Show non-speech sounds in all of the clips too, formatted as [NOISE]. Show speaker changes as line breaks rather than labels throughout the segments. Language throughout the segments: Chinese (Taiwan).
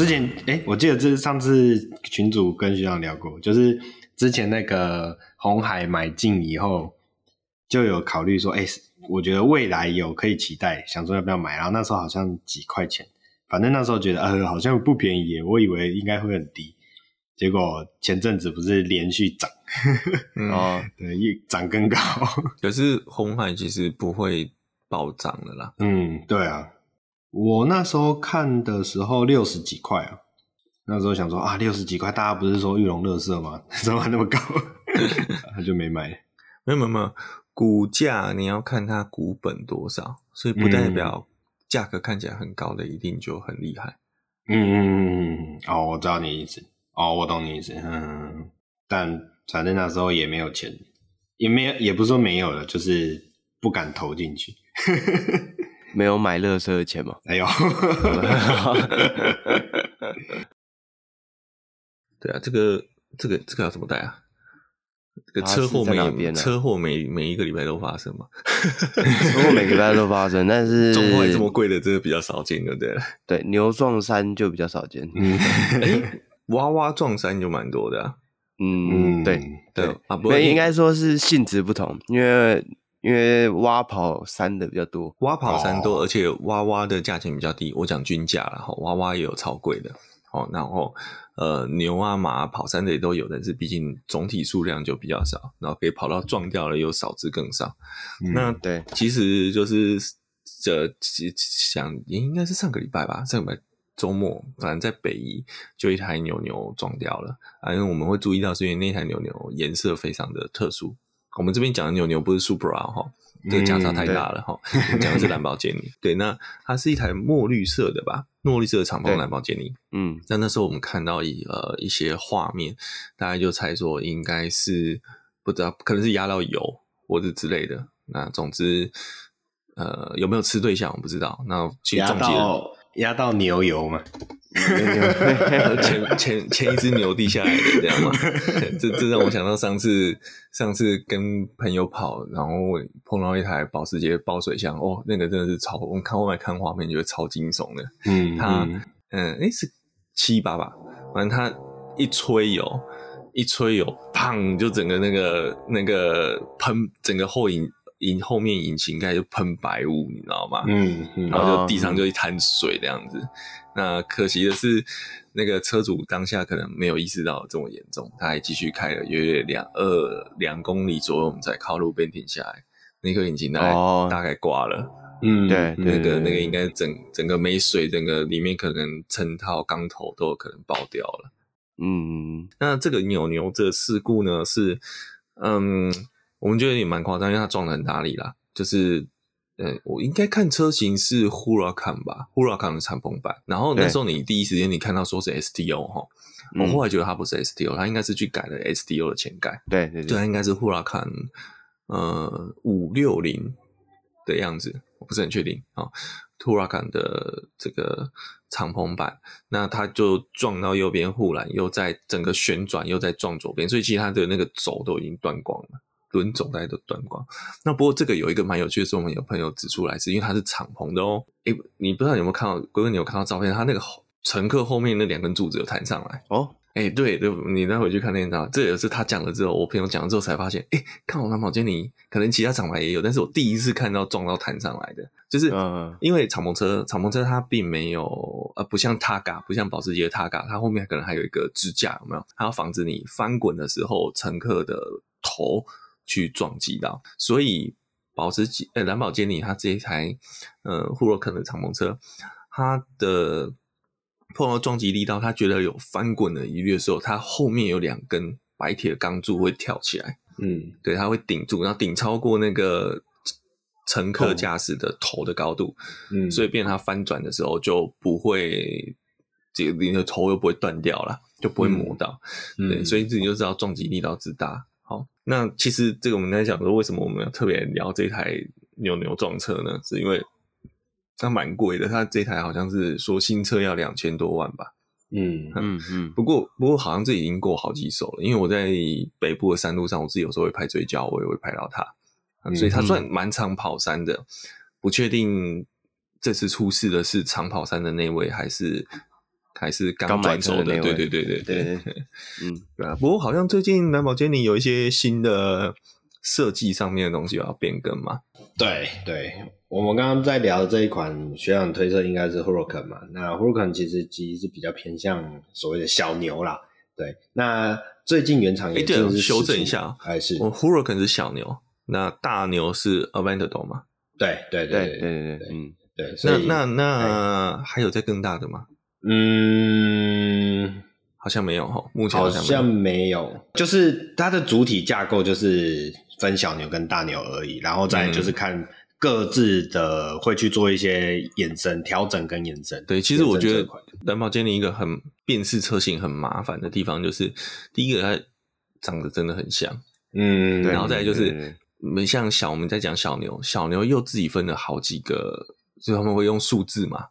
之前哎、欸，我記得這是上次群組跟學長聊過，就是之前那個鴻海買進以後，就有考慮說，哎、欸，我覺得未來有可以期待，想說要不要買。然後那時候好像幾塊錢，反正那時候覺得呃，好像不便宜耶，我以為應該會很低，結果前陣子不是連續漲，啊、嗯， [LAUGHS] 對，漲更高。可是鴻海其實不會暴漲的啦。嗯，對啊。我那時候看的時候六十幾塊啊，那時候想說啊六十幾塊，大家不是說裕
隆垃圾嗎？怎麼還那麼高？他、 [LAUGHS] 啊、就沒買。沒有，沒有沒有，股價你要看它股本多少，所以不代表價格看起來很高的一定就很厲害。嗯嗯嗯嗯哦，我知道你意思。
哦，我懂你意思。嗯，但反正那時候也沒有錢，也沒有，也不是說沒有了，就是不敢投進去。 [LAUGHS] 沒有買垃圾的錢嗎？沒有。
[LAUGHS] [LAUGHS] 對啊，這個這個這個要怎麼帶啊？這個、車禍每、啊啊、車禍每每一個禮拜都發生嘛？ [LAUGHS] 車禍每個禮拜都發生，但是重貨這麼貴的這個比較少見，對不對？對，牛撞山就比較少見。哎，娃娃撞山就蠻多的、啊。嗯，對、嗯、對，那應該
說是性質不同，
因為。因為蛙跑山的比較多，蛙跑山多，哦、而且蛙蛙的價錢比較低。我講均價了哈，蛙蛙也有超貴的。哦，然後呃牛啊馬啊跑山的也都有，但是畢竟總體數量就比較少，然後可以跑到撞掉了又少之更少。嗯、那對，其實就是這、呃，想應該是上個禮拜吧，上個禮拜週末，反正在北宜就一台牛牛撞掉了，因為我們會注意到是因為那台牛牛顏色非常的特殊。我們這邊講的牛牛不是 Supra 哈、啊，嗯、這價差太大了哈，對 [LAUGHS] 講的是蘭博基尼。 [LAUGHS] 對，那它是一台墨綠色的吧？墨綠色的敞篷蘭博基尼。嗯對，但那時候我們看到一呃一些畫面，大家就猜說應該是不知道，可能是壓到油或者之類的。那總之，呃，有沒有吃對象我不知道。那去總結壓到壓到牛油嘛？ [LAUGHS] 前前前一隻牛地下來的這樣嗎？這這讓我想到上次上次跟朋友跑，然後碰到一台保時捷爆水箱，哦，那個真的是超，我看後來看畫面覺得超驚悚的。嗯，它嗯，誒、欸，是七八吧，反正它一吹油，一吹油，砰，就整個那個那個噴，整個後影。引後面引擎蓋就噴白霧，你知道嗎？嗯，嗯，然後就地上就一灘水這樣子。哦嗯、那可惜的是，那個車主當下可能沒有意識到這麼嚴重，他還繼續開了約兩二兩公里左右，我們才靠路邊停下來。那顆、個、引擎大概大概掛了、
哦。嗯、對、那個，那個那個
應該整整個沒水，整、那個裡面可能成套缸頭都有可能爆掉了。嗯，那這個扭牛，牛這個事故呢是，嗯。我們覺得也蠻誇張，因為它撞的很大力啦。就是，嗯，我應該看車型是 Huracan 吧，Huracan 對的敞篷版。然後那時候你第一時間你看到說是 STO 哈，我後來覺得它不是 STO，它應該是去改了 STO 的前蓋。對對對，它應該是 Huracan 呃五六零的樣子，我不是很確定啊。哦、Huracan 的這個敞篷版，那它就撞到右邊護欄，又在整個旋轉，又在撞左邊，所以其實它的那個軸都已經斷光了。輪總大家都斷光，那不過這個有一個蠻有趣的是，我們有朋友指出來，是因為它是敞篷的哦。哎，你不知道有沒有看到？哥哥，你有看到照片？它那個乘客後面那兩根柱子有彈上來哦。哎，對對，你再回去看那張，這也是他講了之後，我朋友講了之後才發現。哎，看我那保時捷你可能其他廠牌也有，但是我第一次看到撞到彈上來的，就是因為敞篷車，敞篷車它並沒有呃、啊，不像 Targa，不像保時捷 Targa，它後面可能還有一個支架，有沒有？它要防止你翻滾的時候，乘客的頭。去撞擊到，所以保時捷、欸、呃，藍寶堅尼它這一台呃，庫洛克的敞篷車，它的碰到撞擊力道，它覺得有翻滾的疑慮的時候，它後面有兩根白鐵的鋼柱會跳起來，嗯，對，它會頂住，然後頂超過那個乘客駕駛的、哦、頭的高度，嗯，所以變它翻轉的時候就不會，這個你的頭又不會斷掉了，就不會磨到，嗯嗯、對，所以自己就知道撞擊力道之大。好，那其實這個我們剛才講說，為什麼我們要特別聊這台牛牛撞車呢？是因為它蠻貴的，它這台好像是說新車要兩千多萬吧。嗯嗯嗯。嗯，不過不過好像這已經過好幾手了，因為我在北部的山路上，我自己有時候會拍追焦，我也會拍到它，啊，所以它算蠻常跑山的。嗯、不確定這次出事的是常跑山的那位還是。還是剛買走的，對對對對對，對，對，對，對嗯，對啊。不過好像最近藍寶堅尼有一些新的設計上面的東西有要變更嘛？對對，我們剛剛在聊的這一款，學長推測應該是 Huracán
嘛？嗯、那 Huracán 其實其實是比較偏向所謂的小牛啦。對，那
最近原廠也是一點修正一下，還是 Huracán 是小牛，那大牛是 Aventador 嘛？對對對對對對，嗯對對對，對。那那那、欸、還有再更大的嗎？嗯，好像沒有哈，目前好像，好像
沒有，就是它的主體架構就是分小牛跟大牛而已，然後再就是看各自的會去做一些衍生調整跟衍生。
對，其實我覺得藍寶堅尼一個很辨識車型很麻煩的地方就是，第一個它長得真的很像，嗯，然後再來就是我們，嗯、像小我們在講小牛，小牛又自己分了好幾個，所，就，以，是，他們會用數字嘛。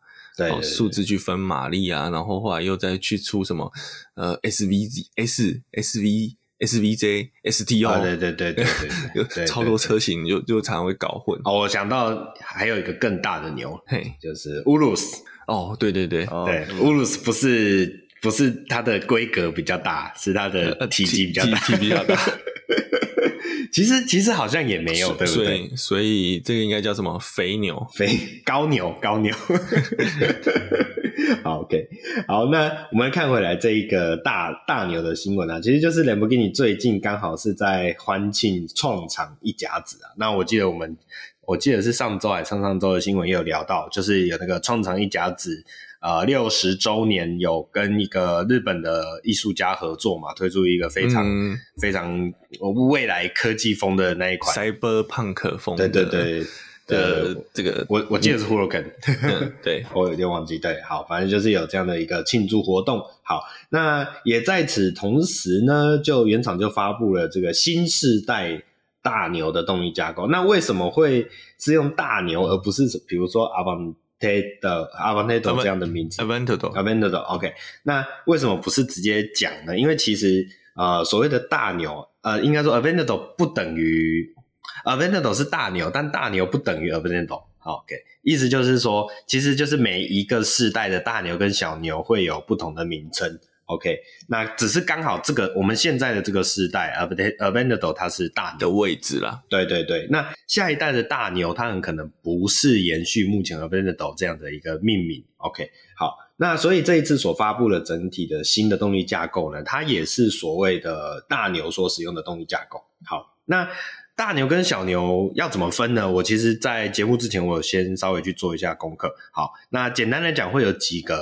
對，數字去分馬力啊，然後後來又再去出什麼呃，SVJ、S、SV、SVJ、STO，對對對對對，有超多車型，就就常會搞混。哦，我想到還有一個更大的牛，嘿，就是烏魯斯。哦，
對對對對，烏魯斯不是不是它的規格比較大，是它的體積比較大，體積比較大。其實其實好像也沒有，以對不對？所以，所以這個應該叫什麼肥牛、肥高牛、高牛。 [LAUGHS] [LAUGHS] 好 OK，好，那我們看回來這一個大大牛的新聞啊，其實就是 Lamborghini 最近剛好是在歡慶創廠一甲子啊。那我記得我們。我記得是上周還上上周的新聞也有聊到，就是有那個創長一甲子，呃，六十周年有跟一個日本的藝術家合作嘛，推出一個非常、嗯、非常未來科技風的那一款。Cyberpunk 風。對對對。的對對對這個我我記得是 h o l o g a n 對， [LAUGHS] 我有點忘記。對，好，反正就是有這樣的一個慶祝活動。好，那也在此同時呢，就原廠就發布了這個新世代。大牛的動力架構，那為什麼會是用大牛而不是比如說 Aventador Aventador 這樣的名字？Aventador Aventador OK，那為什麼不是直接講呢？因為其實呃，所謂的大牛呃，應該說 Aventador 不等於 Aventador 是大牛，但大牛不等於 Aventador OK，意思就是說，其實就是每一個世代的大牛跟小牛會有不同的名稱。OK，那只是剛好這個我們現在的這個時代，不對，Aventador 它是大的位置了。對對對，那下一代的大牛它很可能不是延續目前 Aventador 這樣的一個命名。OK，好，那所以這一次所發布的整體的新的動力架構呢，它也是所謂的大牛所使用的動力架構。好，那大牛跟小牛要怎麼分呢？我其實，在節目之前我有先稍微去做一下功課。好，那簡單來講會有幾個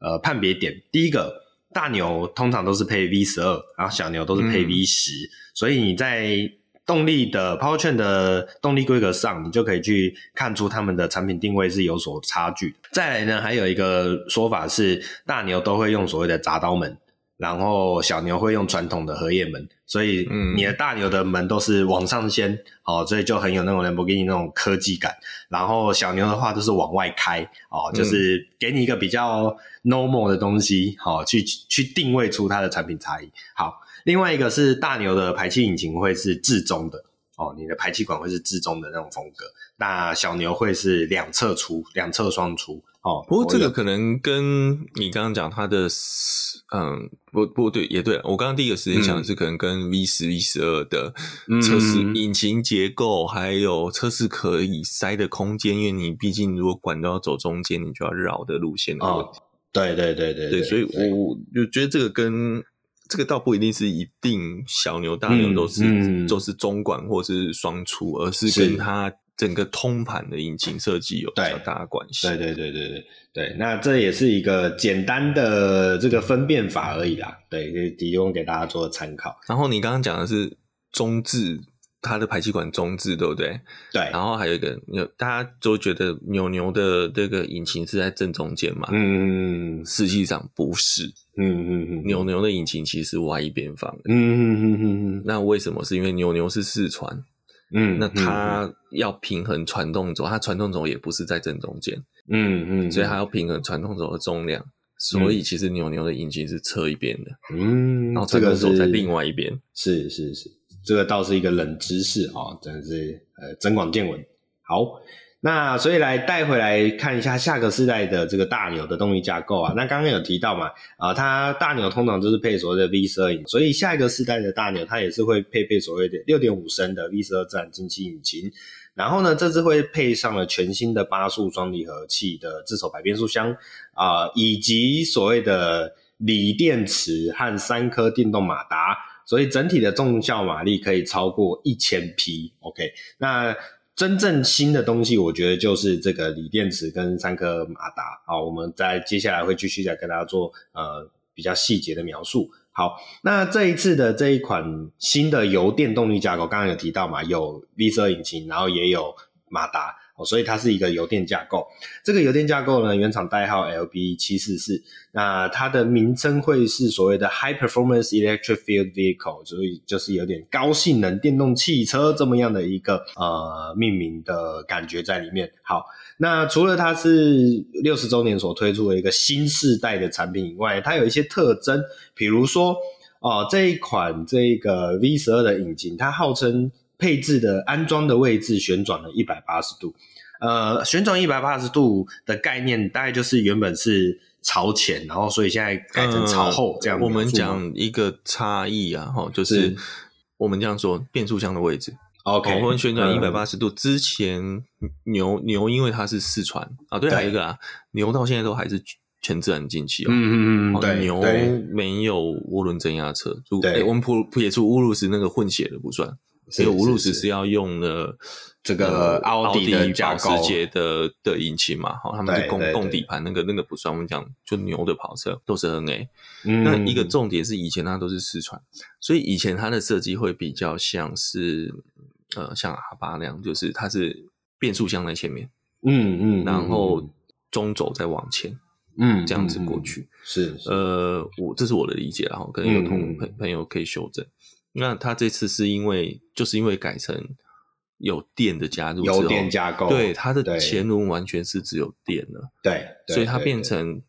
呃判別點，第一個。大牛通常都是配 V 十二，然後小牛都是配 V 十、嗯，所以你在動力的 powertrain 的動力規格上，你就可以去看出他們的產品定位是有所差距。再來呢，還有一個說法是，大牛都會用所謂的“铡刀門”，然後小牛會用傳統的“荷葉門”。所以，嗯，你的大牛的門都是往上掀，嗯、哦，所以就很有那種 Lamborghini 那種科技感。然後小牛的話都是往外開，哦，就是給你一個比較 normal 的東西，好、哦，去去定位出它的產品差異。好，另外一個是大牛的排氣引擎會是置中的，哦，你的排氣管會是置中的那種風格，那小牛會是兩側出，兩側雙出。
哦，不過這個可能跟你剛剛講他的，有嗯，不不對，也對。我剛剛第一個時間想的是，可能跟 V10、嗯、V12 的測試引擎結構，還有車子可以塞的空間，嗯、因為你畢竟如果管道要走中間，你就要繞的路線啊、哦。對對對對對，對所以我就覺得這個跟這個倒不一定是一定小牛大牛都是、嗯嗯、都是中管或是雙出，而是跟它。整個通盤的引擎設計有比較大的關係的對。對對對對對對，那
這也是一個簡單的這個分辨法，而已啦。對，可以提供給大家做的參考。
然後你剛剛講的是中置，它的排氣管中置，對不對？對。然後還有一個，大家都覺得牛牛的這個引擎是在正中間嘛？嗯，實際上不是。嗯，牛牛、嗯嗯、牛牛的引擎其實歪一邊放嗯。嗯嗯嗯嗯嗯。嗯那為什麼？是因為牛牛是四傳，嗯，那它要平衡傳動軸，嗯、它傳動軸也不是在正中間，嗯，嗯嗯，所以它要平衡傳動軸的重量，嗯、所以其實牛牛的引擎是側一邊的，嗯，然後這個軸在另外一邊，是是是，這個倒是一個冷知識啊、哦，真是呃增
廣見聞，好。那所以來帶回來看一下下個世代的這個大牛的動力架構啊。那剛剛有提到嘛，啊、呃，它大牛通常就是配所謂的 V 十二引擎，所以下一個世代的大牛，它也是會配備所謂的六點五升的 V 十二自然進氣引擎，然後呢，這次會配上了全新的八速雙離合器的自手排變速箱啊、呃，以及所謂的鋰電池和三顆電動馬達，所以整體的綜效馬力可以超過一千匹。OK，那。真正新的東西，我覺得就是這個鋰電池跟三顆馬達啊，我們在接下來會繼續再跟大家做呃比較細節的描述。好，那這一次的這一款新的油電動力架構，剛剛有提到嘛，有 V12 引擎，然後也有馬達。哦，所以它是一個油電架構。這個油電架構呢，原廠代號 LB 七四四，那它的名稱會是所謂的 High Performance Electrified Vehicle，所以就是有點高性能電動汽車這麼樣的一個呃命名的感覺在裡面。好，那除了它是六十周年所推出的一個新世代的產品以外，它有一些特徵，比如說哦、呃、這一款這一個 V 十二的引擎，它號稱。配置的安裝的位置旋轉了一百八十度，呃，旋轉一百八十度的概念大概就是原本是
朝前，然後所以現在改成朝後、嗯、這樣子。我們講一個差異啊，哈，就是我們這樣說，是變速箱的位置，OK、哦、我們旋轉一百八十度、嗯、之前牛，牛牛因為它是四傳。啊，對，還有一個啊，對牛到現在都還是全自然進氣哦。嗯嗯嗯，哦、對，牛沒有渦輪增壓車對、欸，我們普普野兔烏魯斯那個混血的不算。所以無論是要用的，這個奧迪的迪、保時捷的的引擎嘛，好、哦，他們就供對對對供底盤那個那個不算，我們講就牛的跑車都是 N A。
那、嗯、一個
重點是以前它都是四驅，所以以前它的設計會比較像是呃像 R8 那樣，就是它是變速箱在前面，嗯嗯，嗯然後中軸再往前，嗯，這樣子過去、嗯嗯、是，是呃，我這是我的理解然後可能有同朋朋友可以修正。嗯嗯那它這次是因為，就是因為改成有電的加入，有電架構，對，它的前輪完全是只有電了，對，對對所以它變成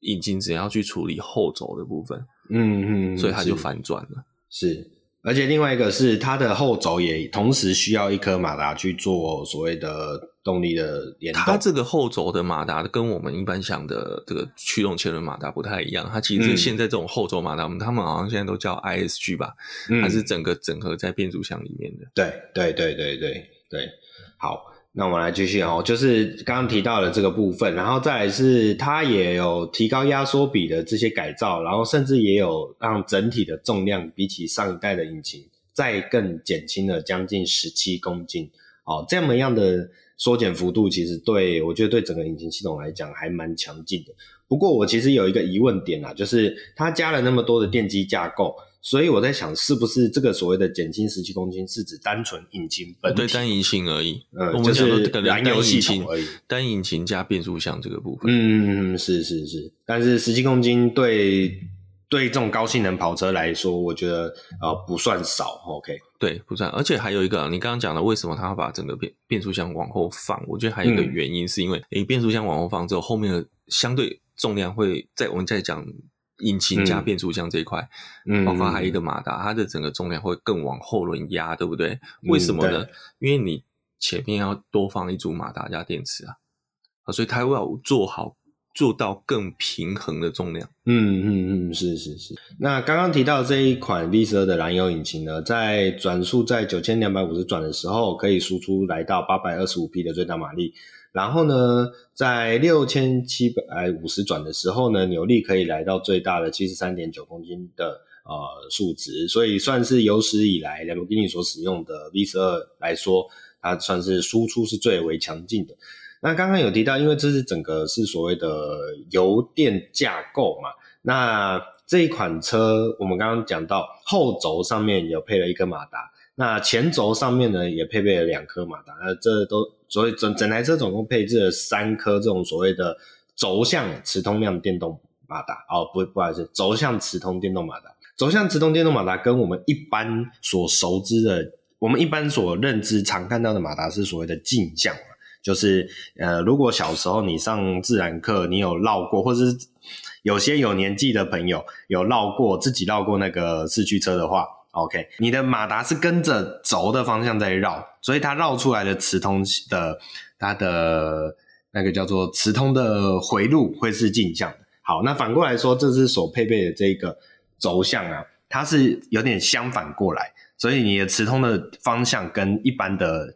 引擎只要去處理後軸的部分，嗯嗯，所以它就反轉了。
是，是，而且另外一個是它的後軸也同時需要一顆馬達去做所謂的。動力的連動，它
這個後軸的馬達跟我們一般想的這個驅動前輪馬達不太一樣，它其實現在這種後軸馬達，我們、嗯、他們好像現在都叫 ISG 吧，嗯、它是整個整合在變速箱裡面的。
對對對對對對，好，那我們來繼續哦，就是剛剛提到的這個部分，然後再來是它也有提高壓縮比的這些改造，然後甚至也有讓整體的重量比起上一代的引擎再更減輕了將近十七公斤哦，這麼樣的。縮減幅度其實對，我覺得對整個引擎系統來講還蠻強勁的。不過我其實有一個疑問點啊，就是它加了那麼多的電機架構，所以我在想是不是這個所謂的減輕十七公斤是指單純引擎本身。對，
單引擎而已。呃、嗯，就是燃油引擎而已。單引擎加變速箱這個部分。嗯，是
是是。但是十七公斤對。對這種高性能跑車來說，我覺得呃不算少。OK，
對，不算。而且還有一個，你剛剛講了，為什麼他要把整個變變速箱往後放？我覺得還有一個原因，是因為你、嗯、變速箱往後放之後，後面的相對重量會在我們再講引擎加變速箱這一塊，嗯，包括還有一個馬達，嗯、它的整個重量會更往後輪壓，對不對？為什麼呢？嗯、因為你前面要多放一組馬達加電池啊，啊，所以它要，要做好。做到更平衡的重量，
嗯嗯嗯，是是是。
那剛剛提到這一款 V
十二的燃油引擎呢，在轉速在九千兩百五十轉的時候，可以輸出來到八百二十五匹的最大馬力。然後呢，在六千七百五十轉的時候呢，扭力可以來到最大的七十三點九公斤的呃數值，所以算是有史以來蘭博基尼所使用的 V 十二來說，它算是輸出是最為強勁的。那剛剛有提到，因為這是整個是所謂的油電架構嘛。那這一款車，我們剛剛講到後軸上面有配了一個馬達，那前軸上面呢也配備了兩顆馬達。那這都所以整整台車總共配置了三顆這種所謂的軸向磁通量電動馬達哦，不不好意思，軸向磁通電動馬達。軸向磁通電動馬達跟我們一般所熟知的，我們一般所認知常看到的馬達是所謂的徑向就是呃，如果小時候你上自然課，你有繞過，或者是有些有年紀的朋友有繞過自己繞過那個四驅車的話，OK，你的馬達是跟着軸的方向在繞，所以它繞出來的磁通的它的那個叫做磁通的回路會是鏡像。好，那反過來說，這是所配備的這個軸向啊，它是有點相反過來，所以你的磁通的方向跟一般的。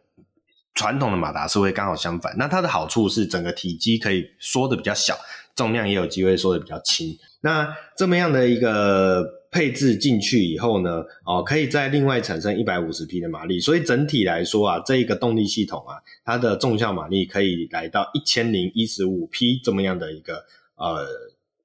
傳統的馬達是會剛好相反，那它的好處是整個體積可以縮的比較小，重量也有機會縮的比較輕。那這麼樣的一個配置進去以後呢，哦，可以再另外產生一百五十匹的馬力，所以整體來說啊，這一個動力系統啊，它的綜效馬力可以來到一千零一十五匹這麼樣的一個呃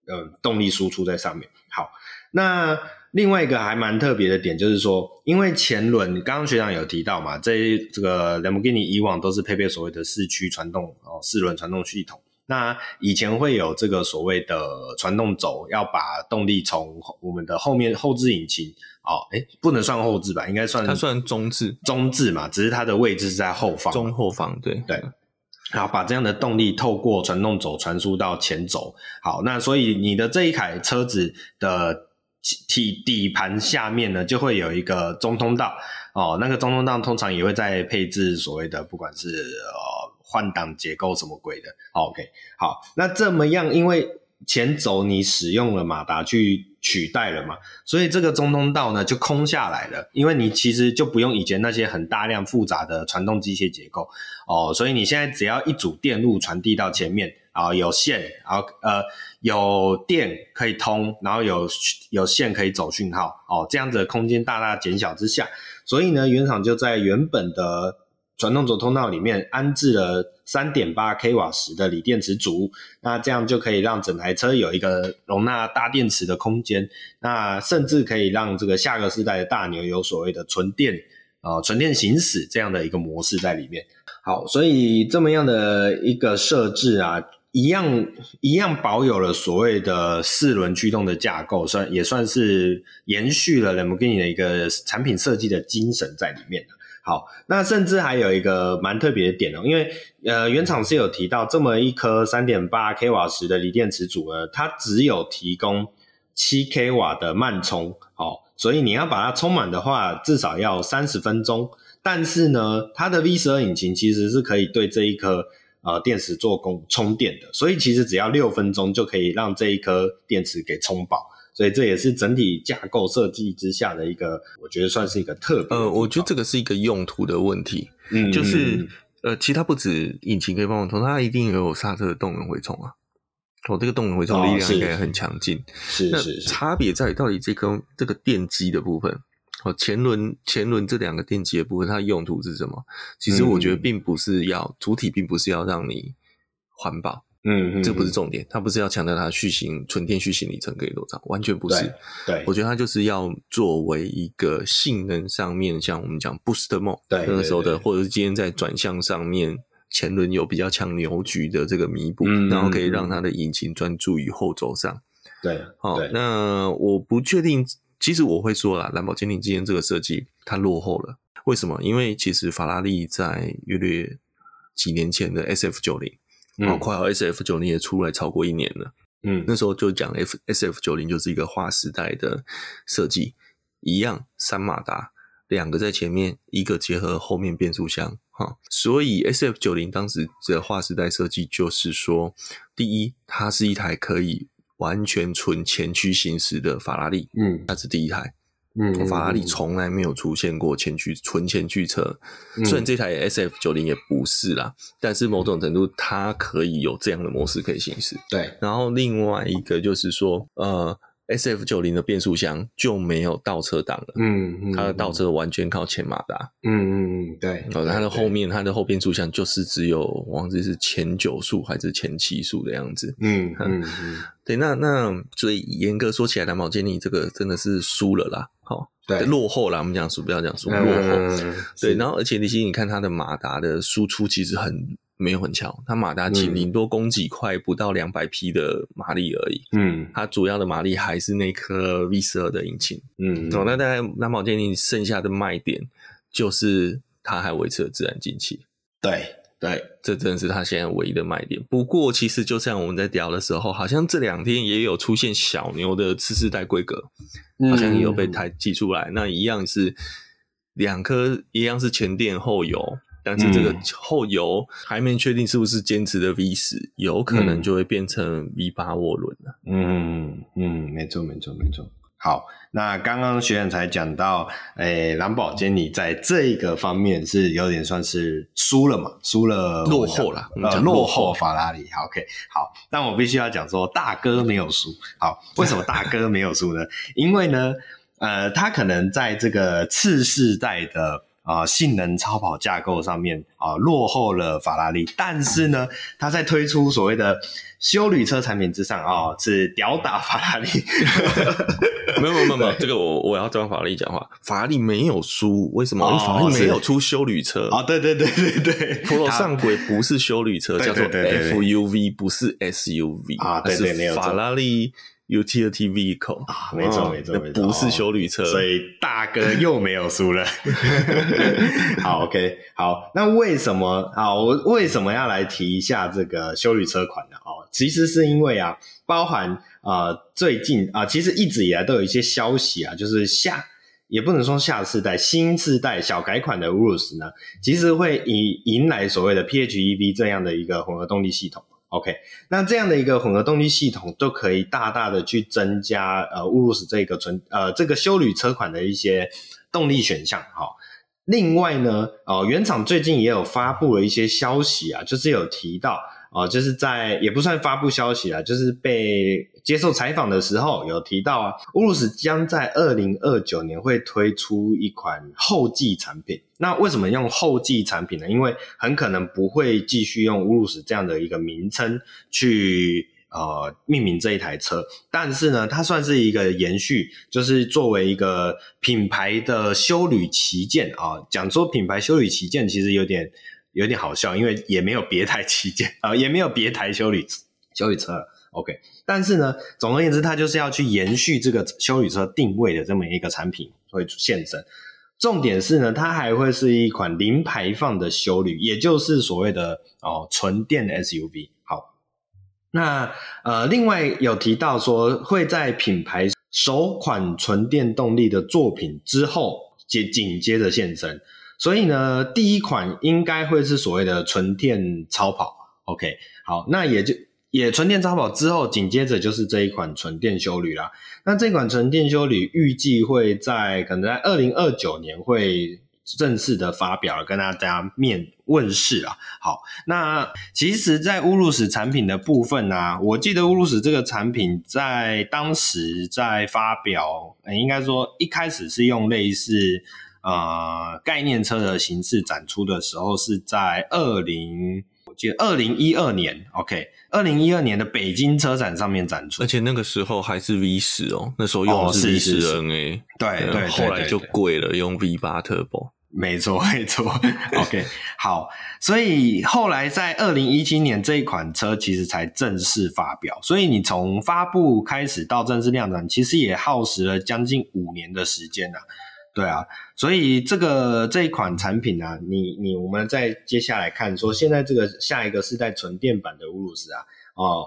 嗯、呃、動力輸出在上面。好，那。另外一個還蠻特別的點，就是說，因為前輪剛剛學長有提到嘛，這這個 Lamborghini 以往都是配備所謂的四驅傳動哦，四輪傳動系統。那以前會有這個所謂的傳動軸，要把動力從我們的後面後置引擎哦誒，不能算後置吧？應該算它算中置中置嘛，只是它的位置是在後方中後方，對對。好，對把這樣的動力透過傳動軸傳輸到前軸。好，那所以你的這一台車子的。體底盤下面呢，就會有一個中通道哦。那個中通道通常也會再配置所謂的，不管是呃、哦、換擋結構什麼鬼的。OK，好，那這麼樣，因為前軸你使用了馬達去取代了嘛，所以這個中通道呢就空下來了。因為你其實就不用以前那些很大量複雜的傳動機械結構哦，所以你現在只要一組電路傳遞到前面。啊，有線，啊，呃，有電可以通，然後有有線可以走訊號，哦，這樣子的空間大大減小之下，所以呢，原廠就在原本的傳動軸通道裡面安置了三點八千瓦時的鋰電池組，那這樣就可以讓整台車有一個容納大電池的空間，那甚至可以讓這個下個世代的大牛有所謂的純電，啊、呃，純電行駛這樣的一個模式在裡面。好，所以這麼樣的一個設置啊。一樣一樣保有了所謂的四輪驅動的架構，算也算是延續了 Lamborghini 的一個產品設計的精神在裡面的。好，那甚至還有一個蠻特別的點哦，因為呃原廠是有提到這麼一顆三點八 k 瓦時的鋰電池組呢，它只有提供七 k 瓦的慢充，好，所以你要把它充滿的話，至少要三十分鐘。但是呢，它的 V 十二引擎其實是可以對這一顆，啊、呃，電池做工充電的，所以其實只要六分鐘就可以讓這一顆電池給充飽，所以這也是整體架構設計之下的一個，
我覺得算是一個特別呃，我覺得這個是一個用途的問題，嗯，就是呃，其他不止引擎可以幫我充，它一定有剎車的動能回充啊，哦，這個動能回充力量應該很強勁。是是，差別在於到底這顆、個、這個電機的部分。前輪前輪這兩個電機的部分，它用途是什麼？其實我覺得並不是要、嗯、主體，並不是要讓你環保，嗯哼哼，這不是重點，它不是要強調它的續航，純電續航里程可以多少，完全不是。對，對，我覺得它就是要作為一個性能上面，像我們講 boost mode，對對對，那個時候的，或者是今天在轉向上面，前輪有比較強扭矩的這個彌補，嗯、哼哼，然後可以讓它的引擎專注於後軸上。對。對，好，那我不確定。其實我會說啦，藍寶堅尼今天這個設計它落後了。為什麼？因為其實法拉利在約略幾年前的 SF90，嗯，快要 SF90 也出來超過一年了。嗯，那時候就講了 SF90 就是一個劃時代的設計，一樣三馬達，兩個在前面，一個結合後面變速箱。哈，所以 SF90 當時的劃時代設計就是說，第一，它是一台可以。完全純前驅行駛的法拉利，嗯，那是第一台，嗯，法拉利從來沒有出現過前驅、嗯、純前驅車，嗯、雖然這台 S F 九零也不是啦，但是某種程度它可以有這樣的模式可以行駛、嗯，對，然後另外一個就是說，呃。S F 九零的變速箱就沒有倒車檔了嗯，嗯，嗯，它的倒車完全靠前馬達，嗯嗯
嗯，
對，然後它的後面，對它的後變速箱就是只有，對我忘記是前九速還是前七速的樣子，嗯嗯，呵嗯，對，那那所以嚴格說起來的話，藍寶堅尼這個真的是輸了啦，好、喔，對落後啦。我們講輸不要講輸、嗯、落後，是對，然後而且你其實你看它的馬達的輸出其實很。沒有很強，它馬達僅頂多供給塊不到兩百匹的馬力而已。嗯，它主要的馬力還是那顆 V 十二的引擎。嗯、哦，那大概那我建議剩下的賣點就是它還維持了自然進氣。對對，對這真的是它現在唯一的賣點。不過其實就像我們在聊的時候，好像這兩天也有出現小牛的次世代規格，
好像也有被
抬寄出來，嗯、那一樣是兩顆，一樣是前電後油。但是這個後油還沒確定是不是堅持的 V 十、嗯，有可能就會變成 V 八渦輪了。嗯嗯沒錯沒錯沒錯。好，那剛剛學員才講到，
誒、欸，藍寶堅尼在這個方面是有點算是輸了嘛，輸了落後了，落後法拉利。好，OK、okay, 好。但我必須要講說，大哥沒有輸。好，對 為什麼大哥沒有輸呢？ [LAUGHS] 因為呢，呃，他可能在這個次世代的。啊、呃，性能超跑架構上面啊、呃，落後了法拉利。但是呢，它在推出所謂的休旅車產品之上啊、哦，是吊打法拉利。
[LAUGHS] [LAUGHS] 沒有沒有沒有，對
這個我我要找
法拉利講話，法拉利沒有輸，為什麼？哦、法拉利沒有，哦、有出休旅車啊、哦，
對對對對對，Purosangue 不
是休旅車，他叫做 FUV，不是 SUV 啊。對對，沒有法拉利。U T U T V 口啊，沒錯沒錯沒錯，哦、不是休旅車、哦，所以大
哥又沒有輸了。 [LAUGHS] [LAUGHS] 好，OK，好，那為什麼啊？我為什麼要來提一下這個休旅車款呢？哦，其實是因為啊，包含啊、呃，最近啊、呃，其實一直以來都有一些消息啊，就是下也不能說下世代，新世代小改款的 Urus 呢，其實會以迎來所謂的 P H E V 這樣的一個混合動力系統。OK，那這樣的一個混合動力系統就可以大大的去增加呃烏魯斯這個純呃這個休旅車款的一些動力選項。哈、哦。另外呢，呃，原廠最近也有發布了一些消息啊，就是有提到。哦，就是在，也不算發布消息啦，就是被接受採訪的時候有提到啊，烏魯斯將在二零二九年會推出一款後繼產品。那為什麼用後繼產品呢？因為很可能不會繼續用烏魯斯這樣的一個名稱去呃命名這一台車，但是呢，它算是一個延續，就是作為一個品牌的休旅旗艦啊，哦。講說品牌休旅旗艦，其實有點，有點好笑，因為也沒有別台旗艦啊，也沒有別台休旅休旅車，OK。但是呢，總而言之，它就是要去延續這個休旅車定位的這麼一個產品會現身。重點是呢，它還會是一款零排放的休旅，也就是所謂的哦純電 SUV。好，那呃，另外有提到說會在品牌首款純電動力的作品之後接緊接着現身。所以呢，第一款應該會是所謂的純電超跑，OK，好，那也就也純電超跑之後，緊接着就是這一款純電休旅啦。那這款純電休旅預計會在可能在二零二九年會正式的發表，跟大家見面問世啊。好，那其實，在烏魯斯產品的部分呢、啊，我記得烏魯斯這個產品在當時在發表，應該說一開始是用類似。呃，概念車的形式展出的時候是在二零，我記得二零一二年，OK，二零一二年的北京車展上面展
出，而且那個時候還是 V 十哦、喔，那時候用的是 V 十 N A，對對,對,對,對,對、嗯，後來就跪了，用 V 八 Turbo，沒錯沒錯 [LAUGHS] ，OK，好，所以
後來在二零一七年這一款車其實才正式發表，所以你從發布開始到正式量產，其實也耗時了將近五年的時間啊。對啊，所以這個這一款產品啊，你你我們再接下來看，說現在這個下一個是在純電版的烏魯斯啊，哦，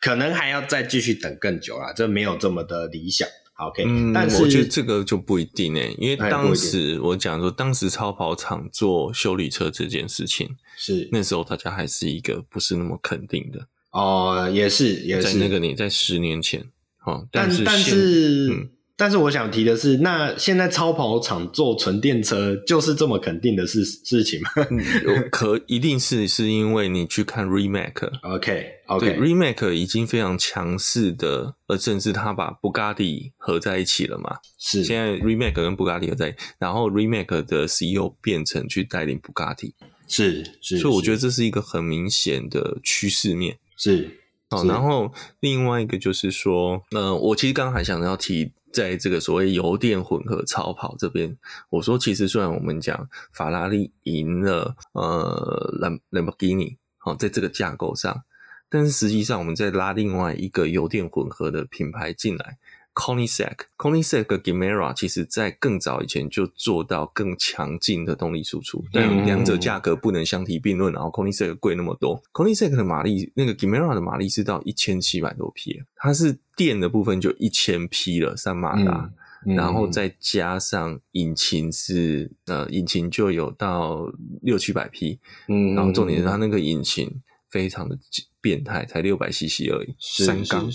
可能還要再繼續等更久啦，這沒有這麼的理想。好、OK,，K，但是、嗯、我覺得
這個就不一定呢、欸，因為當時我講說，當時超跑廠做休旅車這件事情，
是
那時候大家還是一個不是那麼肯定的哦，也是也是在那個年，在十年前，哈、哦，但是但,但是、
嗯但是我想提的是，那現在超跑廠做純電車就是這麼肯定的事事情嗎、？ [LAUGHS] 嗯？
可一定是是因為你去看 Rimac，OK OK，Rimac 已經非常強勢的，而甚至他把布加迪合在一起了嘛？是，現在 Rimac 跟布加迪合在一起，然後 Rimac 的 CEO 變成去帶領布加迪，是是，所以我覺得這是一個很明顯的趨勢面是，是。好、喔，然後另外一個就是說，呃，我其實剛剛還想要提。在這個所謂油電混合超跑這邊，我說其實雖然我們講法拉利贏了，呃，蘭蘭博基尼好，在這個架構上，但是實際上我們再拉另外一個油電混合的品牌進來。Koenigsegg、Koenigsegg 跟 Gemera 其實在更早以前就做到更強勁的動力輸出，但兩者價格不能相提並論，然後 Koenigsegg 貴那麼多。Koenigsegg 的馬力，那個 Gemera 的馬力是到一千七百多匹，它是電的部分就一千匹了，三馬達，然後再加上引擎是呃，引擎就有到六七百匹，嗯，然後重點是它那個引擎，非常的變態，才六百 CC 而已，三缸、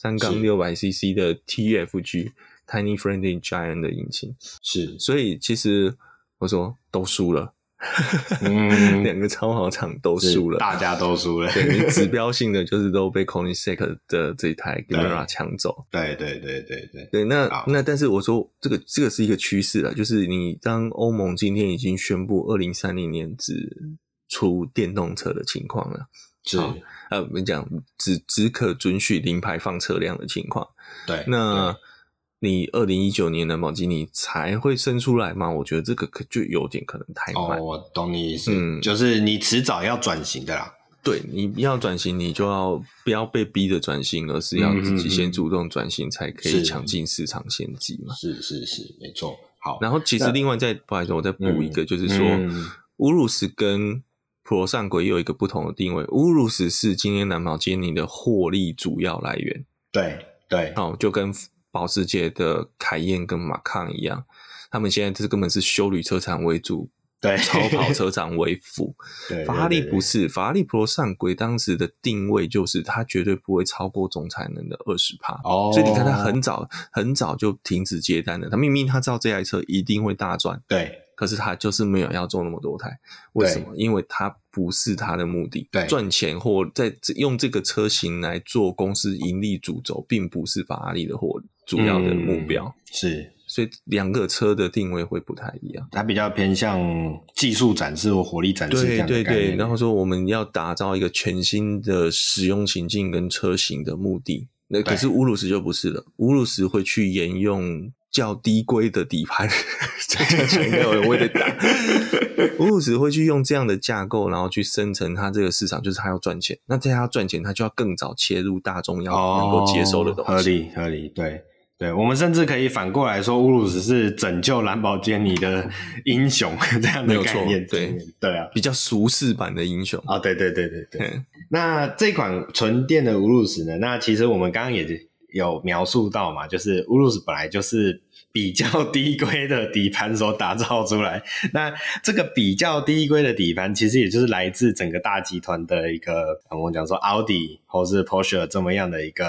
三缸六百 CC 的 T F G Tiny Friendly Giant 的引擎是，所以其實我說都輸了，兩個超跑廠都輸了，大家都輸了，對，你指標性的就是都被 Koenigsegg 的這台 Gemera 給搶走，對
對對對對對，那
那但是我說這個這個是一個趨勢了，就是你當歐盟今天已經宣布二零三零年只出電動車的情況了。是好，呃，我跟你講，只只可准許零排放車輛的情況。對，那、嗯、你二零一九年，的蘭博基尼才會生出來嗎？我覺得這個可就有點可能太慢。哦、我懂你意思，嗯、就是你遲早要轉型的啦。對，你要轉型，你就要不要被逼着轉型，而是要自己先主動轉型，才可以搶進市場先機
嘛。是是是，沒錯。
好，然後其實另外再，但不好意思，我再補一個，嗯、就是說，嗯、烏魯斯跟。普羅尚軌有一個不同的定位，烏魯斯是今天藍寶堅尼的獲利主要來源。對對，對哦，就跟保時捷的凱宴跟馬康一樣，他們現在這根本是休旅車廠為主，對，超跑車廠為輔。
法拉利不
是，法拉利普羅尚軌當時的定位就是它絕對不會超過總產能的二十趴，哦，所以你看它很早很早就停止接單了，它明明他知道這台車一定會大賺，對。可是他就是沒有要做那麼多台，為什麼？對因為他不是他的目的，賺對錢或在用這個車型來做公司盈利主軸，並不是法拉利的或主要的目標。嗯、是，所以兩個車的定位會不太一樣。
它比較偏向技術展示或火力展示的。對對對。然後說
我們要打造一個全新的使用情境跟車型的目的。那可是烏魯斯就不是了，烏對魯斯會去沿用較低規的底盤， [LAUGHS] 打，烏 [LAUGHS] 魯斯會去用這樣的架構，然後去生成它這個市場，就是它要賺錢。那它要賺錢，它就要更早切入大眾要、哦、能夠接受的東西，合
理合理，對。
對，我們甚至可以反過來說，烏魯斯是拯救藍
寶堅尼的英雄 [LAUGHS] 這樣的概念。沒有錯，對對
啊，比較俗世版的英雄啊、哦。對對對對對。
嘿那這款純電的烏魯斯呢？那其實我們剛剛也有描述到嘛，就是烏魯斯本來就是比較低規的底盤所打造出來。那這個比較低規的底盤，其實也就是來自整個大集團的一個，我們講說 Audi 或是 Porsche 這麼樣的一個。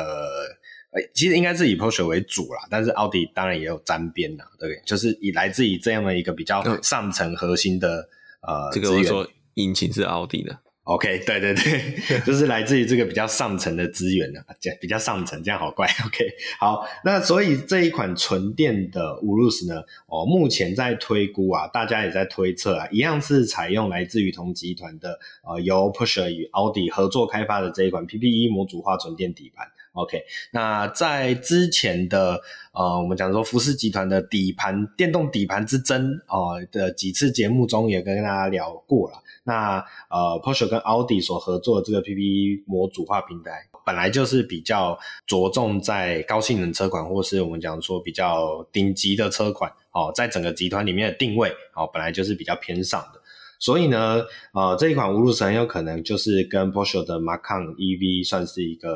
哎、欸，其實應該是以 Porsche 為主啦，但是奧迪當然也有沾邊啦，對，就是以來自於這樣的一個比較上層核心的對呃資源。這個我說引擎是奧迪的、呃、源 o、okay, k 對對對， [LAUGHS] 就是來自於這個比較上層的資源的、啊，比較上層，這樣好怪。OK，好，那所以這一款純電的 Urus 呢，哦，目前在推估啊，大家也在推測啊，一樣是採用來自於同集團的呃，由 Porsche 與奧迪合作開發的這一款 PPE 模組化純電底盤。OK，那在之前的呃，我們講說福斯集團的底盤電動底盤之爭哦、呃、的幾次節目中，也跟大家聊過了。那呃，Porsche 跟 Audi 所合作的這個 PPE 模組化平台，本來就是比較着重在高性能車款，或是我們講說比較頂級的車款哦、呃，在整個集團裡面的定位哦、呃，本來就是比較偏上的。所以呢，呃，這一款 Urus 很有可能就是跟 Porsche 的 Macan EV 算是一個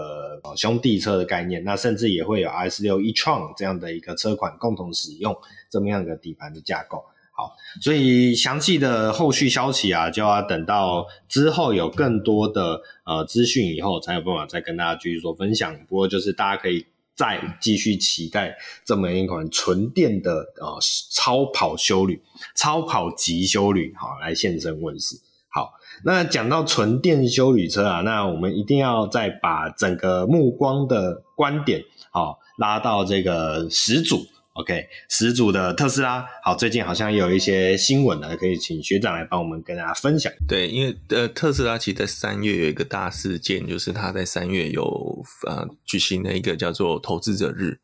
兄弟車的概念，那甚至也會有 RS6 e-tron 這樣的一個車款共同使用這麼樣的底盤的架構。好，所以詳細的後續消息啊，就要等到之後有更多的呃資訊以後，才有辦法再跟大家繼續說分享。不過就是大家可以。再繼續期待這麼一款純電的呃超跑休旅，超跑級休旅，好，來現身問世。好，那講到純電休旅車啊，那我們一定要再把整個目光的觀點，好，拉到這個始祖。OK，十組的特斯拉。好，最近好像有一些新聞呢，可以請學長來幫我們跟大家分享。
對，因為呃，特斯拉其實在三月有一個大事件，就是它在三月有呃舉行了一個叫做投資者日。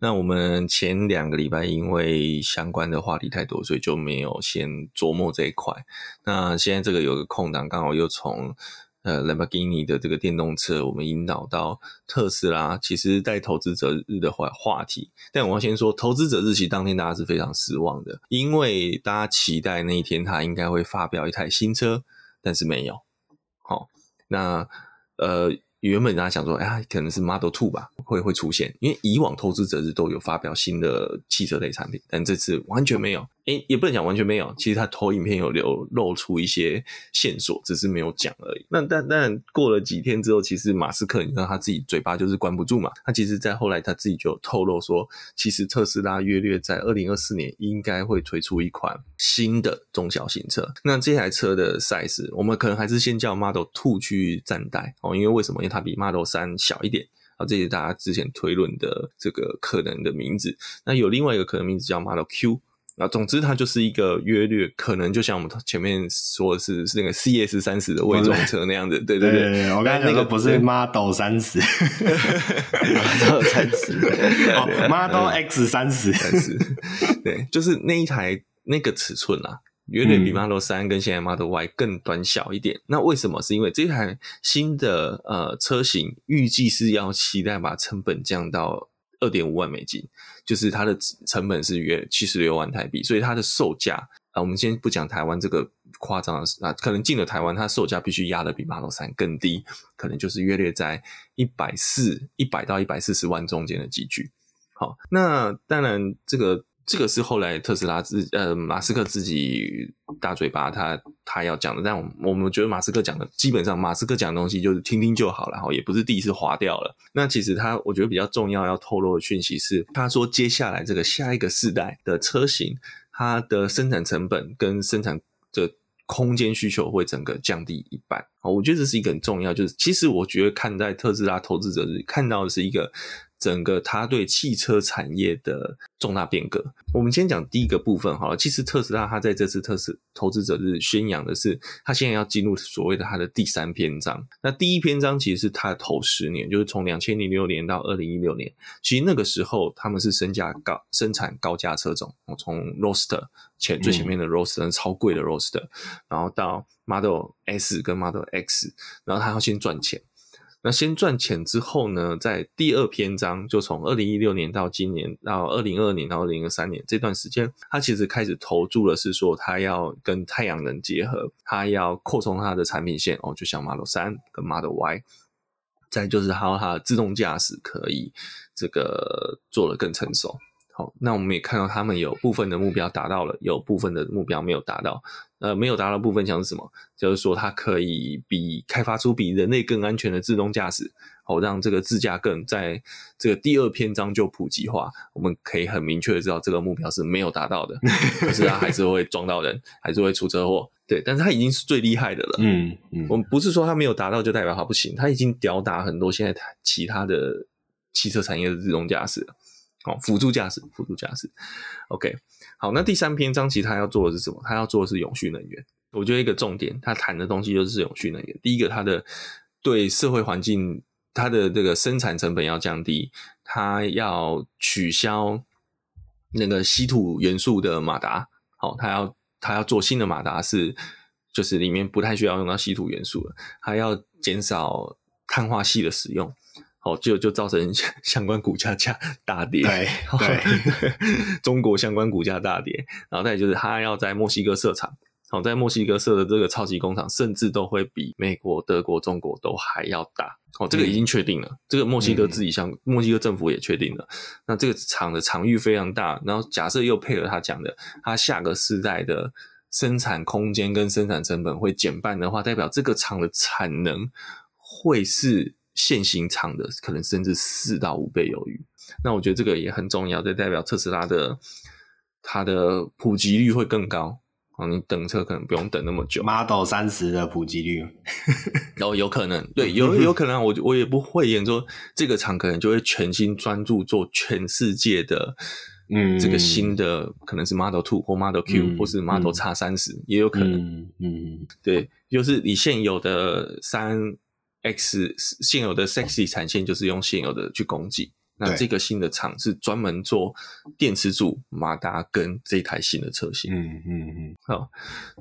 那我們前兩個禮拜因為相關的話題太多，所以就沒有先琢磨這一塊。那現在這個有個空檔，剛好又從。呃，Lamborghini 的這個電動車，我們引導到特斯拉。其實，在投資者日的話話題，但我要先說，投資者日期當天，大家是非常失望的，因為大家期待那一天，他應該會發表一台新車，但是沒有。好、哦，那呃，原本大家想說，哎呀，可能是 Model Two 吧，會會出現，因為以往投資者日都有發表新的汽車類產品，但這次完全沒有。哎，也不能講完全沒有，其實他投影片有流露出一些線索，只是沒有講而已。那但但過了幾天之後，其實馬斯克你知道他自己嘴巴就是關不住嘛。那其實在後來他自己就透露說，其實特斯拉約略在二零二四年應該會推出一款新的中小型車。那這台車的 size，我們可能還是先叫 Model Two 去暫代哦，因為為什麼？因為它比 Model 3小一點。啊，這也是大家之前推論的這個可能的名字。那有另外一個可能名字叫 Model Q。那總之，它就是一個約略，可能就像我們前面說的是，是那個 CS30 的偽裝車那樣子，對對對，我剛才那個不是 Model 三十，Model 三十，Model X 三十，三十，對，就是那一台那個尺寸啊，約略比 Model 三跟現在 Model Y 更短小一點。那為什麼？是因為這台新的呃車型預計是要期待把成本降到二點五萬美金。就是它的成本是約七十六萬台幣，所以它的售價啊，我們先不講台灣這個誇張的啊，可能進了台灣，它售價必須壓得比 Model 3更低，可能就是約略在一百四一百到一百四十萬中間的級距。好，那當然這個。這個是後來特斯拉自呃馬斯克自己大嘴巴他他要講的，但我們我們覺得馬斯克講的基本上馬斯克講的東西就是聽聽就好了哈，也不是第一次劃掉了。那其實他我覺得比較重要要透露的訊息是，他說接下來這個下一個世代的車型，它的生產成本跟生產的空間需求會整個降低一半。我覺得這是一個很重要，就是其實我覺得看在特斯拉投資者看到的是一個。整個他對汽車產業的重大變革，我們先講第一個部分好了。其實特斯拉他在這次特斯投資者日宣揚的是，他現在要進入所謂的他的第三篇章。那第一篇章其實是他的頭十年，就是從2006年到二零一六年，其實那個時候他們是身價高、生產高價車種。我從 Roadster，前最前面的 Roadster 超貴的 Roadster 然後到 Model S 跟 Model X，然後他要先賺錢。那先賺錢之後呢，在第二篇章就從二零一六年到今年到二零二二年到二零二三年這段時間，他其實開始投注的是說他要跟太陽能結合，他要擴充他的產品線哦，就像 Model 三跟 Model Y，再就是還有它的自動駕駛可以這個做得更成熟。好，那我們也看到他們有部分的目標達到了，有部分的目標沒有達到。呃，沒有達到的部分像是什麼？就是說它可以比開發出比人類更安全的自動駕駛，好，讓這個自駕更在這個第二篇章就普及化。我們可以很明確的知道這個目標是沒有達到的，就是它還是會撞到人， [LAUGHS] 還是會出車禍。對，但是它已經是最厲害的了。嗯嗯，嗯我們不是說它沒有達到就代表它不行，它已經吊打很多現在其他的汽車產業的自動駕駛了。好、哦，輔助駕駛，輔助駕駛，OK。好，那第三篇章其實他要做的是什麼？他要做的是永續能源。我覺得一個重點，他談的東西就是永續能源。第一個，他的對社會環境，他的這個生產成本要降低，他要取消那個稀土元素的馬達。好、哦，他要他要做新的馬達是，是就是裡面不太需要用到稀土元素了，還要減少碳化矽的使用。哦，就就造成相關股價價大跌，對，對 [LAUGHS] 中國相關股價大跌。然後，再就是他要在墨西哥設廠，在墨西哥設的這個超級工廠，甚至都會比美國、德國、中國都還要大。哦對，這個已經確定了，這個墨西哥自己像墨西哥政府也確定了。嗯、那這個廠的場域非常大。然後，假設又配合他講的，他下個世代的生產空間跟生產成本會減半的話，代表這個廠的產能會是。現行廠的可能甚至四到五倍有餘，那我覺得這個也很重要，這代表特斯拉的它的普及率會更高，啊。你等車可能不用等那麼久。Model 三十的普及率， [LAUGHS] 哦，有可能，對，有有可能我，我我也不會演，欸、說，這個廠可能就會全心專注做全世界的，嗯,嗯，這個新的可能是 Model Two 或 Model Q，嗯、或是 Model X 三十、嗯，也有可能，嗯，嗯對，就是你現有的三。X 現有的 sexy 產線就是用現有的去供給，嗯、那這個新的廠是專門做電池組、馬達跟這台新的車型。嗯嗯嗯。嗯嗯好，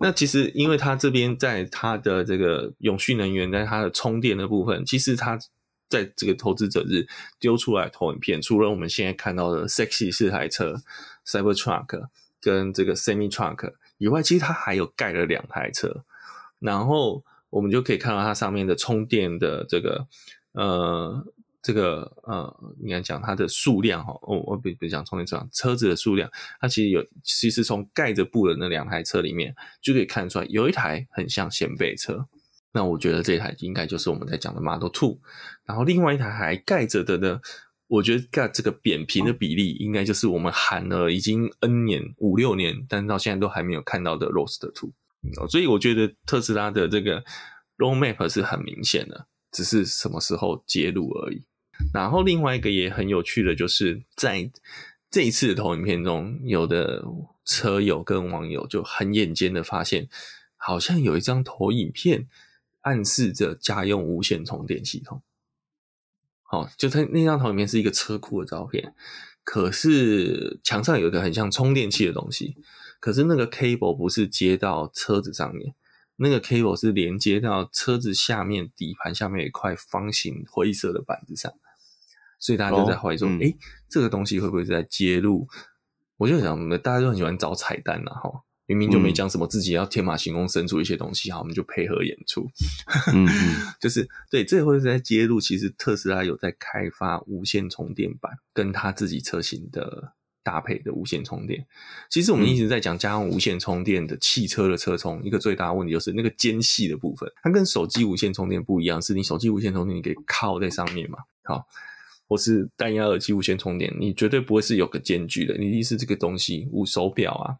那其實因為它這邊在它的這個永續能源，在它的充電的部分，其實它在這個投資者日丟出來投影片，除了我們現在看到的 sexy 四台車、Cybertruck 跟這個 semi truck 以外，其實它還有蓋了兩台車，然後。我們就可以看到它上面的充電的這個呃這個呃，應該講它的數量哈、哦，我我不不講充電車，車子的數量，它其實有其實從蓋着布的那兩台車裡面就可以看出來，有一台很像掀背車，那我覺得這台應該就是我們在講的 Model Two，然後另外一台還蓋着的呢，我覺得蓋這個扁平的比例，應該就是我們喊了已經 N 年五六年，但是到現在都還沒有看到的 Roadster Two。所以我覺得特斯拉的這個 roadmap 是很明顯的，只是什麼時候揭露而已。然後另外一個也很有趣的，就是在這一次的投影片中，有的車友跟網友就很眼尖的發現，好像有一張投影片暗示着家用無線充電系統。哦，就他那張投影片是一個車庫的照片，可是牆上有一個很像充電器的東西。可是那個 cable 不是接到車子上面，那個 cable 是連接到車子下面底盤下面有一塊方形灰色的板子上，所以大家就在懷疑說，哎、哦嗯欸，這個東西會不會是在揭露？我就想，我們大家都很喜歡找彩蛋然、啊、哈，明明就沒講什麼，嗯、自己要天馬行空生出一些東西，好，我們就配合演出， [LAUGHS] 嗯嗯，就是對，這個、會、不會是在揭露，其實特斯拉有在開發無線充電板，跟他自己車型的。搭配的無線充電，其實我們一直在講家用無線充電的汽車的車充，一個最大問題就是那個間隙的部分，它跟手機無線充電不一樣，是你手機無線充電你可以靠在上面嘛，好，或是戴壓耳機無線充電，你絕對不會是有個間距的，你一定是這個東西，五手表啊，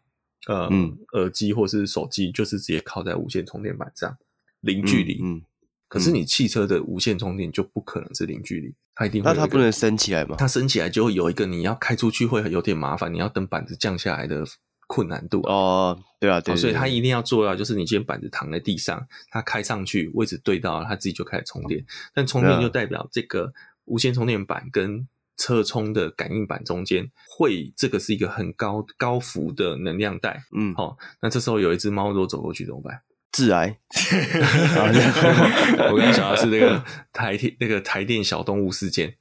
呃，嗯、耳機或是手機就是直接靠在無線充電板上，零距離。嗯嗯可是你汽車的無線充電就不可能是零距離，嗯、它一定會一。它不能升起來嗎？它升起來就會有一個你要開出去會有點麻煩，你要等板子降下來的困難度哦。對啊，對、對、對、哦。所以它一定要做到，就是你先板子躺在地上，它開上去位置對到了，它自己就開始充電。哦、但充電就代表這個無線充電板跟車充的感應板中間會這個是一個很高高幅的能量帶。嗯，好、哦，那這時候有一隻貓如果走過去怎麼辦？致癌，我跟你講的是那個台電那個台電小動物事件、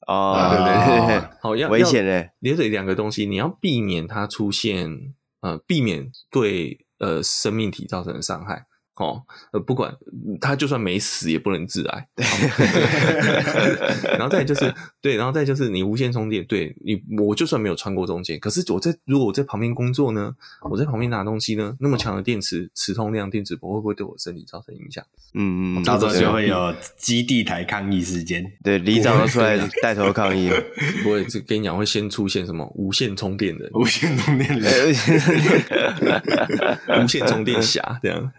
啊、哦，哦、對對對，對，哦、險好危險嘞！連嘴兩個東西，你要避免它出現，呃，避免對呃生命體造成的傷害。哦，呃，不管他，就算沒死也不能致癌。然後再就是，對，然後再就是，你無線充電，對你，我就算沒有穿過中間，可是我在如果我在旁邊工作呢，我在旁邊拿東西呢，那麼強的電磁磁通量、電磁波會不會對我身體造成影響？嗯
嗯，到時候就會有
基地台抗議時間。對，里長都出來帶頭抗議了。不會，就跟你講，會先出現什麼無線充電的，無線充電的，無線充電俠這樣。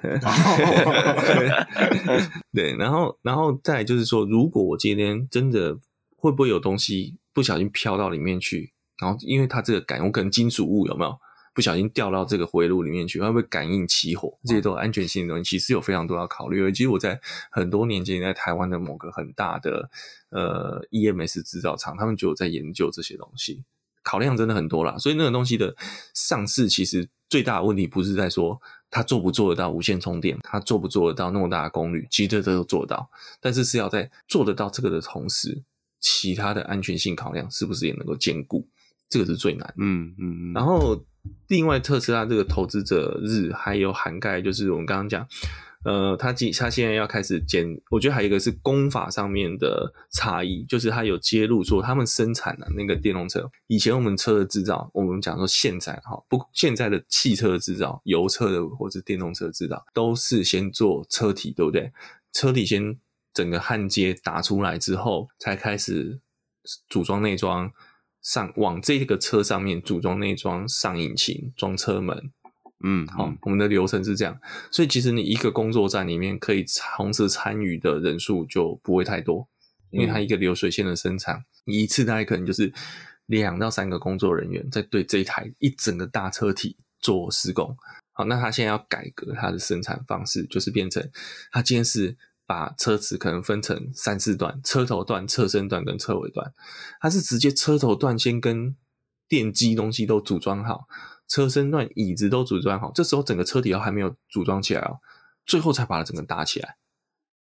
[LAUGHS] [LAUGHS] 對，然後，然後再來就是說，如果我今天真的會不會有東西不小心飄到裡面去，然後因為它這個感，我可能金屬物有沒有不小心掉到這個回路裡面去，它會不會感應起火？這些都安全性的東西，其實有非常多要考慮。其實我在很多年前在台灣的某個很大的呃 EMS 製造廠，他們就有在研究這些東西，考量真的很多啦。所以那個東西的上市，其實最大的問題不是在說。它做不做得到無線充電？它做不做得到那麼大的功率？其實這都做得到，但是是要在做得到這個的同時，其他的安全性考量是不是也能夠兼顧？這個是最難的嗯。嗯嗯。然後，另外特斯拉這個投資者日還有涵蓋，就是我們剛剛講。呃，他今，他現在要開始檢，我覺得還有一個是工法上面的差異，就是他有揭露說，他們生產的那個電動車，以前我們車的制造，我們講說現在哈，不，現在的汽車的制造，油車的或者是電動車制造，都是先做車體，對不對？車體先整個焊接打出來之後，才開始組裝內裝，上往這個車上面組裝內裝，上引擎，裝車門。嗯，好、哦，嗯、我們的流程是這樣，所以其實你一個工作站裡面可以同時參與的人數就不會太多，因為它一個流水線的生產，嗯、一次大概可能就是兩到三個工作人員在對這一台一整個大車體做施工。好，那他現在要改革它的生產方式，就是變成他今天是把車子可能分成三四段，車頭段、車身段跟車尾段，它是直接車頭段先跟電機東西都組裝好。車身段、椅子都組裝好，這時候整個車體都還沒有組裝起來哦，最後才把它整個搭起來，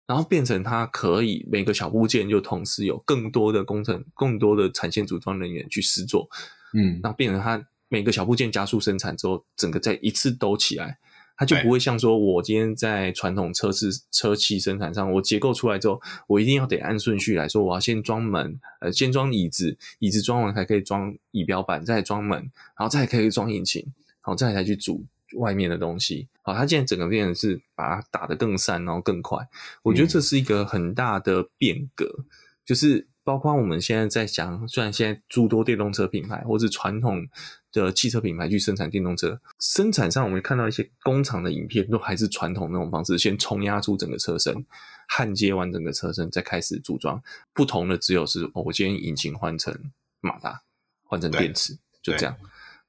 然後變成它可以每個小部件就同時有更多的工程、更多的產線組裝人員去試做，嗯，那變成它每個小部件加速生產之後，整個再一次兜起來。他就不會像說，我今天在傳統車製車器生產上，對我結構出來之後，我一定要得按順序來說，我要先裝門，呃，先裝椅子，椅子裝完才可以裝儀表板，再裝門，然後再可以裝引擎，然後再才去組外面的東西。好，他現在整個鏈子是把它打得更散，然後更快。我覺得這是一個很大的變革，嗯、就是。包括我們現在在想，雖然現在諸多電動車品牌或者傳統的汽車品牌去生產電動車，生產上我們看到一些工廠的影片，都還是傳統那種方式，先沖壓出整個車身，焊接完整個車身再開始組裝。不同的只有是，哦，我今天引擎換成馬達，換成電池，對就這樣。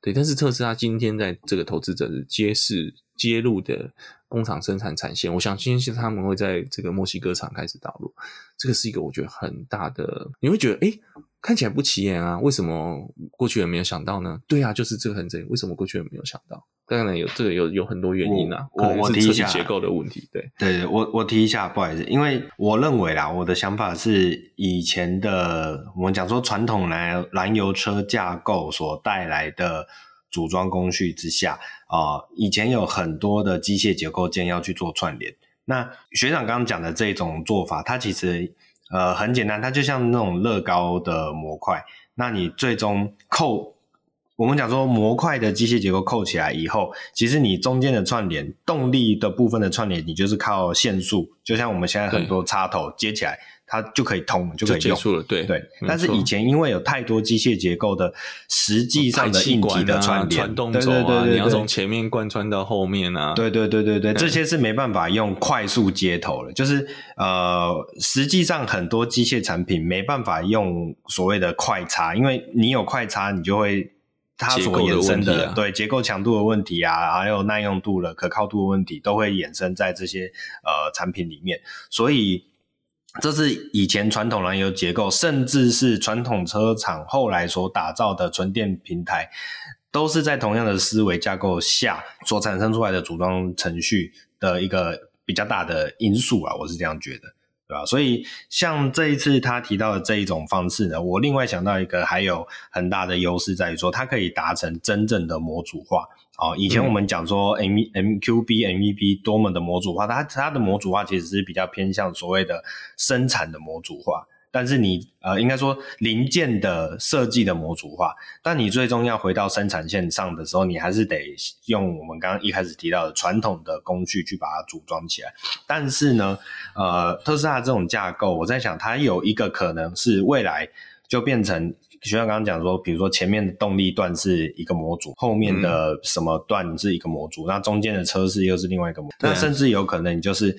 對，但是特斯拉今天在這個投資者日揭示揭露的工廠生產產線，我想今天是他們會在這個墨西哥廠開始導入，這個是一個我覺得很大的，你會覺得哎。誒看起來不起眼啊，為什麼過去也沒有想到呢？對啊，就是這個很正。為什麼過去也沒有想到？當然有這個有有很多原因啊，我，我，我提一下，可能是車結構的問題。對對，我我提一下，不好意
思，因為我認為啦，我的想法是以前的我們講說傳統來燃油車架構所帶來的組裝工序之下啊，呃，以前有很多的機械結構件要去做串聯。那學長剛剛講的這種做法，它其實。呃，很簡單，它就像那種樂高的模塊，那你最終扣，我們講說模塊的機械結構扣起來以後，其實你中間的串聯動力的部分的串聯，你就是靠線束，就像我們現在很多插頭接起來。嗯它就可以通，就可以用。對對，對錯但是以前因為有太多機械結構的，實際上的硬體的串聯，啊傳動軸啊、對對對對，對，對你要從前
面貫穿到後
面啊。對，對對對
對對，對這些
是沒辦法用快速接頭了。就是呃，實際上很多機械產品沒辦法用所謂的快插，因為你有快插，你就會它所衍生的，結的、啊、對結構強度的問題啊，還有耐用度了、可靠度的問題都會衍生在這些呃產品裡面，所以。這是以前傳統燃油結構，甚至是傳統車廠後來所打造的純電平台，都是在同樣的思維架構下所產生出來的組裝程序的一個比較大的因素啊，我是這樣覺得，對吧？所以像這一次他提到的這一種方式呢，我另外想到一個還有很大的優勢在於說，它可以達成真正的模組化。啊，以前我們講說 M M Q B M V P 多麼的模組化，它、它的模組化其實是比較偏向所謂的生產的模組化，但是你呃應該說零件的設計的模組化，但你最終要回到生產線上的時候，你還是得用我們剛剛一開始提到的傳統的工序去把它組裝起來。但是呢，呃，特斯拉這種架構，我在想它有一個可能是未來就變成。學校剛剛講說，比如說前面的動力段是一個模組，後面的什麼段是一個模組，嗯、那中間的車是又是另外一個模組。啊、那甚至有可能你就是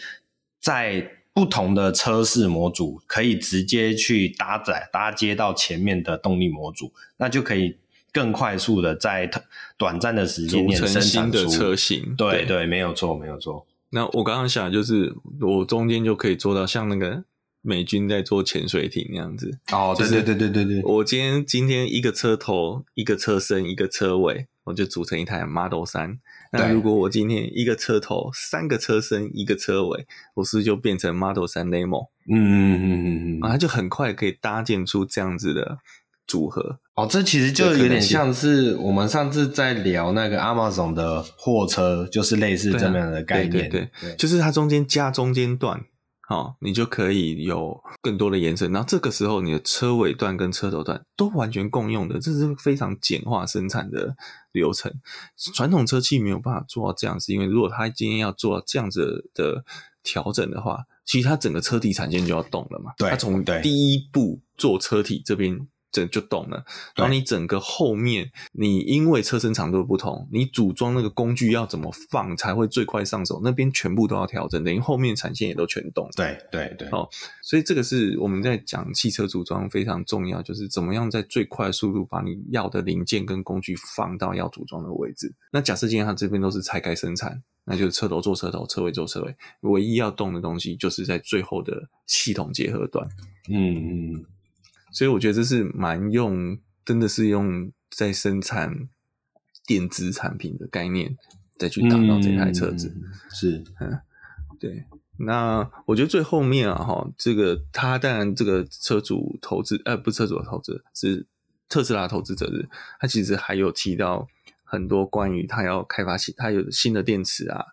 在不同的車式模組可以直接去搭載搭接到前面的動力模組，那就可以更快速的在短暫的時間內生產出組成的車型，對對，對，沒有錯，沒有錯。
那我剛剛想就是，我中間就可以做到像那個。美軍在做潛水艇那樣子哦，對對對對對對，我今天今天一個車頭一個車身一個車尾，我就組成一台 Model 3。對那如果我今天一個車頭三個車身一個車尾，我是不是就變成 Model 3 Limo？嗯嗯嗯嗯嗯啊，然後它就很快可以搭建出這樣子的組合。哦，這其實就對有點像是我們上次在聊那個 Amazon 的貨車，就是類似這樣的概念，對,啊、對,對,對，對就是它中間加中間段。哦，你就可以有更多的延伸，然後這個時候你的車尾段跟車頭段都完全共用的，這是非常簡化生產的流程。傳統車器沒有辦法做到這樣子，因為如果它今天要做到這樣子的調整的話，其實它整個車體產線就要動了嘛。對，它從第一步做車體這邊。整就動了。然後你整個後面，你因為車身長度不同，對你組裝那個工具要怎麼放才會最快上手？那邊全部都要調整，等於後面產線也都全動了。對對對。哦，oh, 所以這個是我們在講汽車組裝非常重要，就是怎麼樣在最快速度把你要的零件跟工具放到要組裝的位置。那假設今天它這邊都是拆開生產，那就是車頭做車頭，車尾做車尾，唯一要動的東西就是在最後的系統結合段。嗯嗯。所以我覺得這是蠻用，真的是用在生產電子產品的概念再去打造這台車子，嗯、是，嗯，對。那我覺得最後面啊，哈，這個他當然這個車主投資，呃，不是車主的投資是特斯拉投資者的，他其實還有提到很多關於他要開發，他有新的電池啊，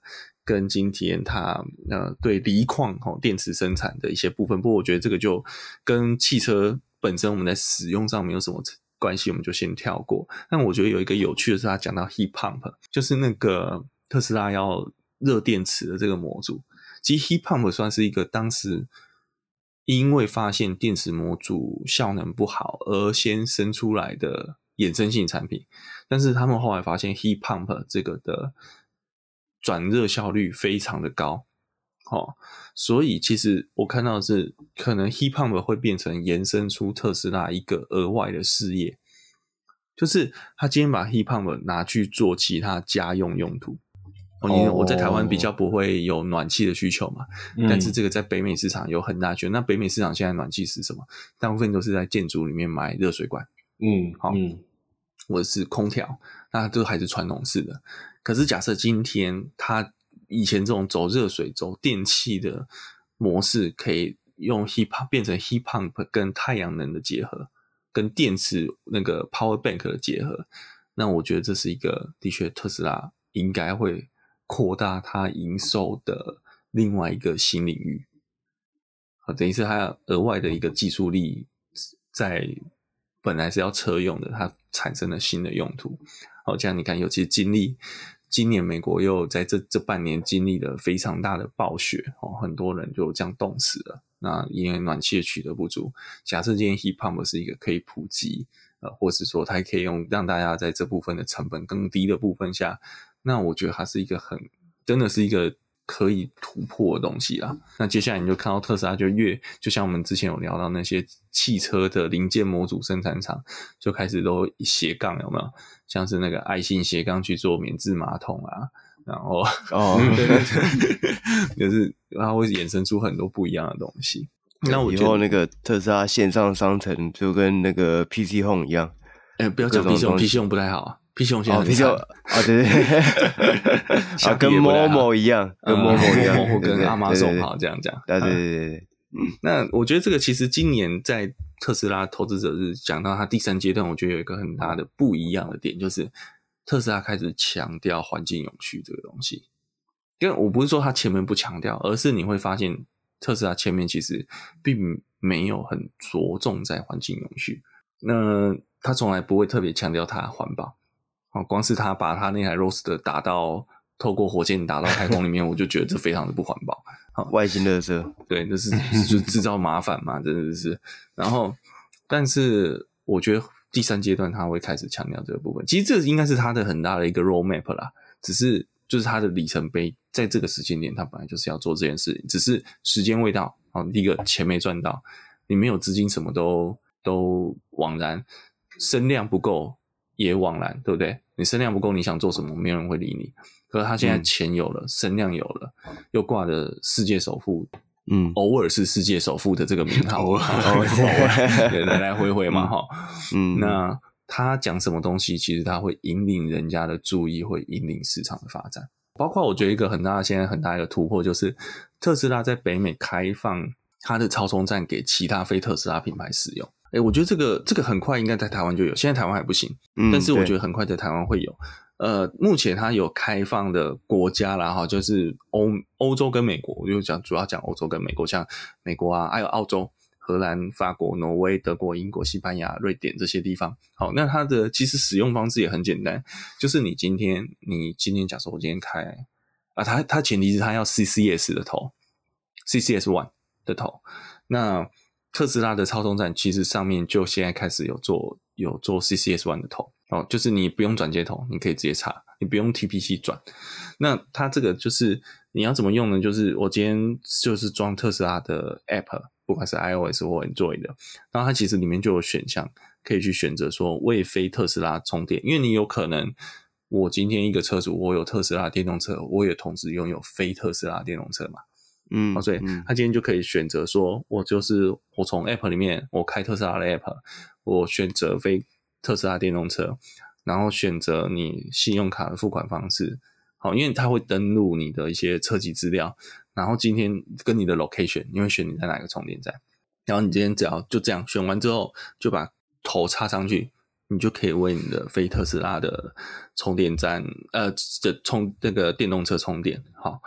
跟今天他呃對鋰礦哈、哦、電池生產的一些部分。不過我覺得這個就跟汽車本身我們在使用上沒有什麼關係，我們就先跳過。但我覺得有一個有趣的是，他講到 heat pump，就是那個特斯拉要熱電池的這個模組。其實 heat pump 算是一個當時因為發現電池模組效能不好而先生出來的衍生性產品。但是他們後來發現 heat pump 這個的轉熱效率非常的高。哦，所以其實我看到的是，可能 Heat Pump 會變成延伸出特斯拉一個額外的事業，就是他今天把 Heat Pump 拿去做其他家用用途。因為我在台灣比較不會有暖氣的需求嘛。但是這個在北美市場有很大需求。那北美市場現在暖氣是什麼？大部分都是在建築裡面買熱水管。嗯。好。我是空調，那都還是傳統式的。可是假設今天他。以前這種走熱水，走電氣的模式，可以用 heat pump 變成 heat pump 跟太陽能的結合，跟電池那個 power bank 的結合，那我覺得這是一個的確，特斯拉應該會擴大它營收的另外一個新領域。好，等於是它額外的一個技術力，在本來是要車用的，它產生了新的用途。好，這樣你看，尤其精力。今年美國又在這這半年經歷了非常大的暴雪哦，很多人就這樣凍死了。那因為暖氣的取得不足，假設今天 heat pump 是一個可以普及，呃，或是說它可以用讓大家在這部分的成本更低的部分下，那我覺得它是一個很，真的是一個。可以突破的東西啦。那接下來你就看到特斯拉就越，就像我們之前有聊到那些汽車的零件模組生產廠，就開始都斜槓有沒有？像是那個愛信斜槓去做免治馬桶啊，然後哦、 [LAUGHS] 嗯，對對對，就是它會衍生出很多不一樣的東西。
[LAUGHS] 那我覺得那
個特斯拉線上商城就跟那個 PC Home 一樣，欸、不要講 PC Home，PC Home 不太好啊。比較，啊、哦哦、對對， [LAUGHS] 啊跟某某一樣，嗯、跟某某一樣，或跟阿媽說好這樣講。對對對。那我覺得這個其實今年在特斯拉投資者日講到它第三階段，我覺得有一個很大的不一樣的點，就是特斯拉開始強調環境永續這個東西。因為我不是說他前面不強調，而是你會發現特斯拉前面其實並沒有很着重在環境永續，那他從來不會特別強調它的環保。光是他把他那台 Roadster 打到透過火箭打到太空裡面， [LAUGHS] 我就覺得這非常的不環保。好，外星垃圾，對，這、就是就製、是、造麻煩嘛， [LAUGHS] 真的、就是。然後，但是我覺得第三階段他會開始強調這個部分，其實這應該是他的很大的一個 Road Map 啦。只是就是他的里程碑，在這個時間點，他本來就是要做這件事，只是時間未到。好，第一個錢沒賺到，你沒有資金，什麼都都枉然，聲量不夠。也枉然，對不對？你聲量不夠，你想做什麼，沒有人會理你。可是他現在錢有了，聲、嗯、量有了，又掛着世界首富，嗯，偶爾是世界首富的這個名號，偶爾，來來回回嘛，哈。嗯，那他講什麼東西，其實他會引領人家的注意，會引領市場的發展。包括我覺得一個很大的現在很大一個突破，就是特斯拉在北美開放它的超充站給其他非特斯拉品牌使用。哎、欸，我覺得這個這個很快應該在台灣就有，現在台灣還不行，嗯，但是我覺得很快在台灣會有。對呃，目前它有開放的國家啦，哈，就是歐歐洲跟美國，我就講主要講歐洲跟美國，像美國啊，還有澳洲、荷蘭、法國、挪威、德國、英國、西班牙、瑞典這些地方。好，那它的其實使用方式也很簡單，就是你今天你今天假設我今天開啊，它它前提是它要 C C S 的頭，C C S one 的頭，那。特斯拉的超充站其實上面就現在開始有做有做 CCS one 的頭哦，就是你不用轉接頭，你可以直接插，你不用 TPC 轉。那它這個就是你要怎麼用呢？就是我今天就是裝特斯拉的 app，不管是 iOS 或 Android 的，然後它其實裡面就有選項可以去選擇說為非特斯拉充電，因為你有可能我今天一個車主，我有特斯拉電動車，我也同時擁有非特斯拉電動車嘛。嗯好，所以他今天就可以選擇說，我就是我從 App 裡面，我開特斯拉的 App，我選擇非特斯拉電動車，然後選擇你信用卡的付款方式，好，因為它會登錄你的一些車籍資料，然後今天跟你的 location，因為選你在哪個充電站，然後你今天只要就這樣選完之後，就把頭插上去，你就可以為你的非特斯拉的充電站，呃，這充那個電動車充電，好。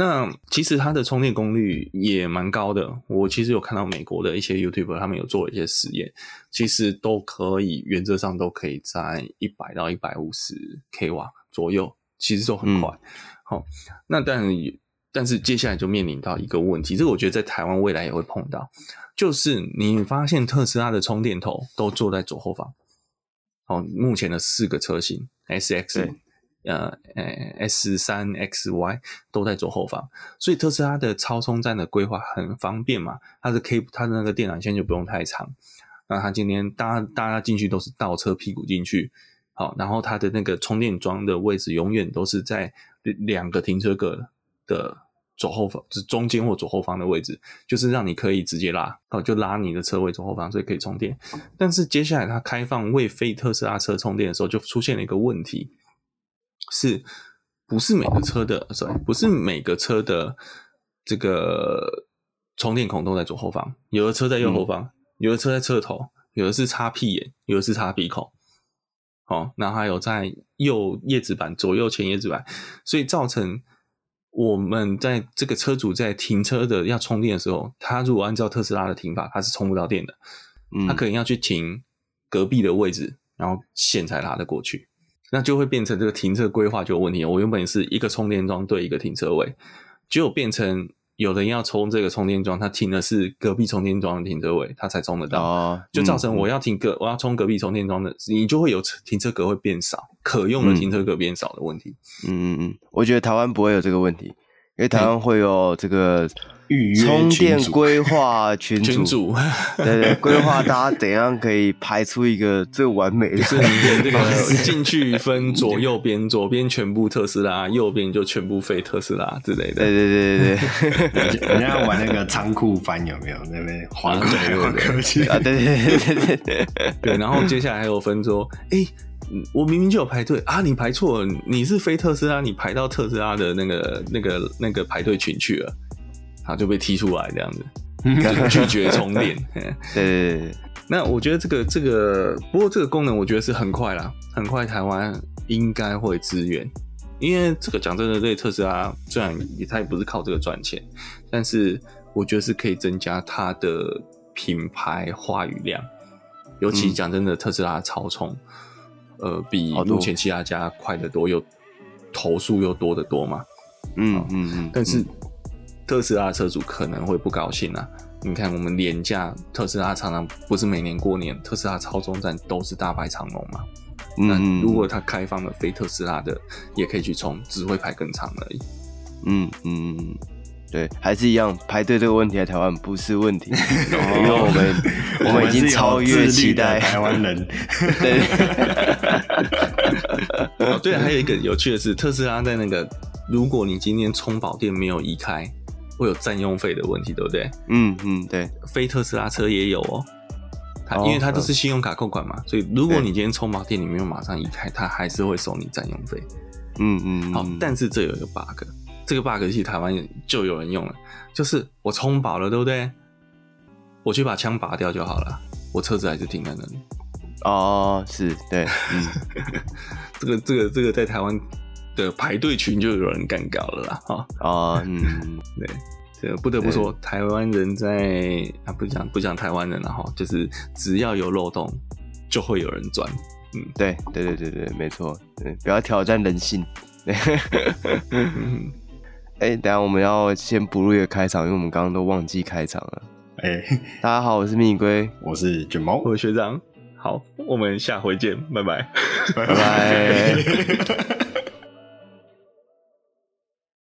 那其實它的充電功率也蠻高的，我其實有看到美國的一些 YouTuber 他們有做了一些實驗，其實都可以，原則上都可以在一百到一百五十 k 瓦左右，其實都很快。好、嗯哦，那但但是接下來就面臨到一個問題，這個我覺得在台灣未來也會碰到，就是你發現特斯拉的充電頭都坐在左後方，哦，目前的四個車型 S、X、欸。呃，S 三 X Y 都在左後方，所以特斯拉的超充站的規劃很方便嘛，它的 K，它的那個電纜線就不用太長。那它今天搭大家進去都是倒車屁股進去，好，然後它的那個充電樁的位置永遠都是在兩個停車格的左後方，就是、中間或左後方的位置，就是讓你可以直接拉，哦，就拉你的車位左後方，所以可以充電。但是接下來它開放為非特斯拉車充電的時候，就出現了一個問題。是不是每個車的？sorry，不是每個車的這個充電孔都在左後方，有的車在右後方，嗯、有的車在車頭，有的是插屁眼，有的是插鼻孔。哦，那還有在右葉子板、左右前葉子板，所以造成我們在這個車主在停車的要充電的時候，他如果按照特斯拉的停法，他是充不到電的。嗯，他可能要去停隔壁的位置，然後線才拉得過去。那就會變成這個停車規劃就有問題。我原本是一個充電樁對一個停車位，結果變成有人要充這個充電樁，他停的是隔壁充電樁的停車位，他才充得到，哦嗯，就造成我要停隔我要充隔壁充電樁的，你就會有停車格會變少，可用的停車格變少的問題。嗯嗯嗯，
我覺得台灣不會有這個問題。因為台灣會有這個預約充電規劃群組對
對，對，規劃大
家怎樣可以排出一個最完美的對對對對，就是你這個進
去分左右邊，左邊全部特斯拉，右邊就全部非特斯拉之類的。有有對對對對對，人家玩
那個倉庫番有沒有？那邊黃隊，我客氣啊。對對對
對對對，然後接下來還有分說，哎、欸。我明明就有排隊啊！你排錯了，你是非特斯拉，你排到特斯拉的那個、那個、那個排隊群去了，然後就被踢出來這樣子，拒絕充電。呃， [LAUGHS] 對那我覺得這個、這個，不過這個功能我覺得是很快啦，很快，台灣應該會支援，因為這個講真的，對特斯拉雖然他也太不是靠這個賺錢，但是我覺得是可以增加它的品牌話語量，尤其講真的，特斯拉的超充。嗯呃，比目前其他家快得多，又樁數又多得多嘛。嗯、哦、嗯、嗯，但是嗯，特斯拉的車主可能會不高興啊。你看，我們連假特斯拉常常不是每年過年特斯拉超充站都是大排長龍嘛。嗯，如果他開放了非特斯拉的，嗯、也可以去充，只會排更長而已。嗯嗯。嗯對，還是一樣排隊，這個問題在台灣不是問題， [LAUGHS] 因為我們 [LAUGHS] 我們已經超越期待台灣人。 [LAUGHS] 對， [LAUGHS] [LAUGHS] oh, 對，還有一個有趣的是，特斯拉在那個，如果你今天充飽電沒有移開，會有占用費的問題，對不對？嗯嗯，對，非特斯拉車也有哦，
哦因為它都是信
用卡扣款嘛，所以如果你今天充飽電你沒有馬上移開，對它還是會收你占用費。嗯。嗯好嗯，好，但是這有一個 bug。這個 bug 是台灣就有人用了，就是我充飽了，對不對？我去把槍拔掉就好了，我車子還是停在那裡。哦，是對、嗯 [LAUGHS] 這個，這個這個這個在台灣的排隊群就有人幹搞了啦，哈，啊，嗯，對，這不得不說，對台灣人在啊不講不講台灣人了哈，就是只要有漏洞就會有人鑽，嗯，對對對對對，沒錯，對，不要挑戰人性。 [LAUGHS] [LAUGHS]
哎、欸，等下我們要先補錄一個開場，因為我們剛剛都忘記開場
了。哎、欸，大家好，我是蜜龜，我是卷毛，我是學長。好，我們下回見，拜拜，拜拜。 [LAUGHS] [LAUGHS]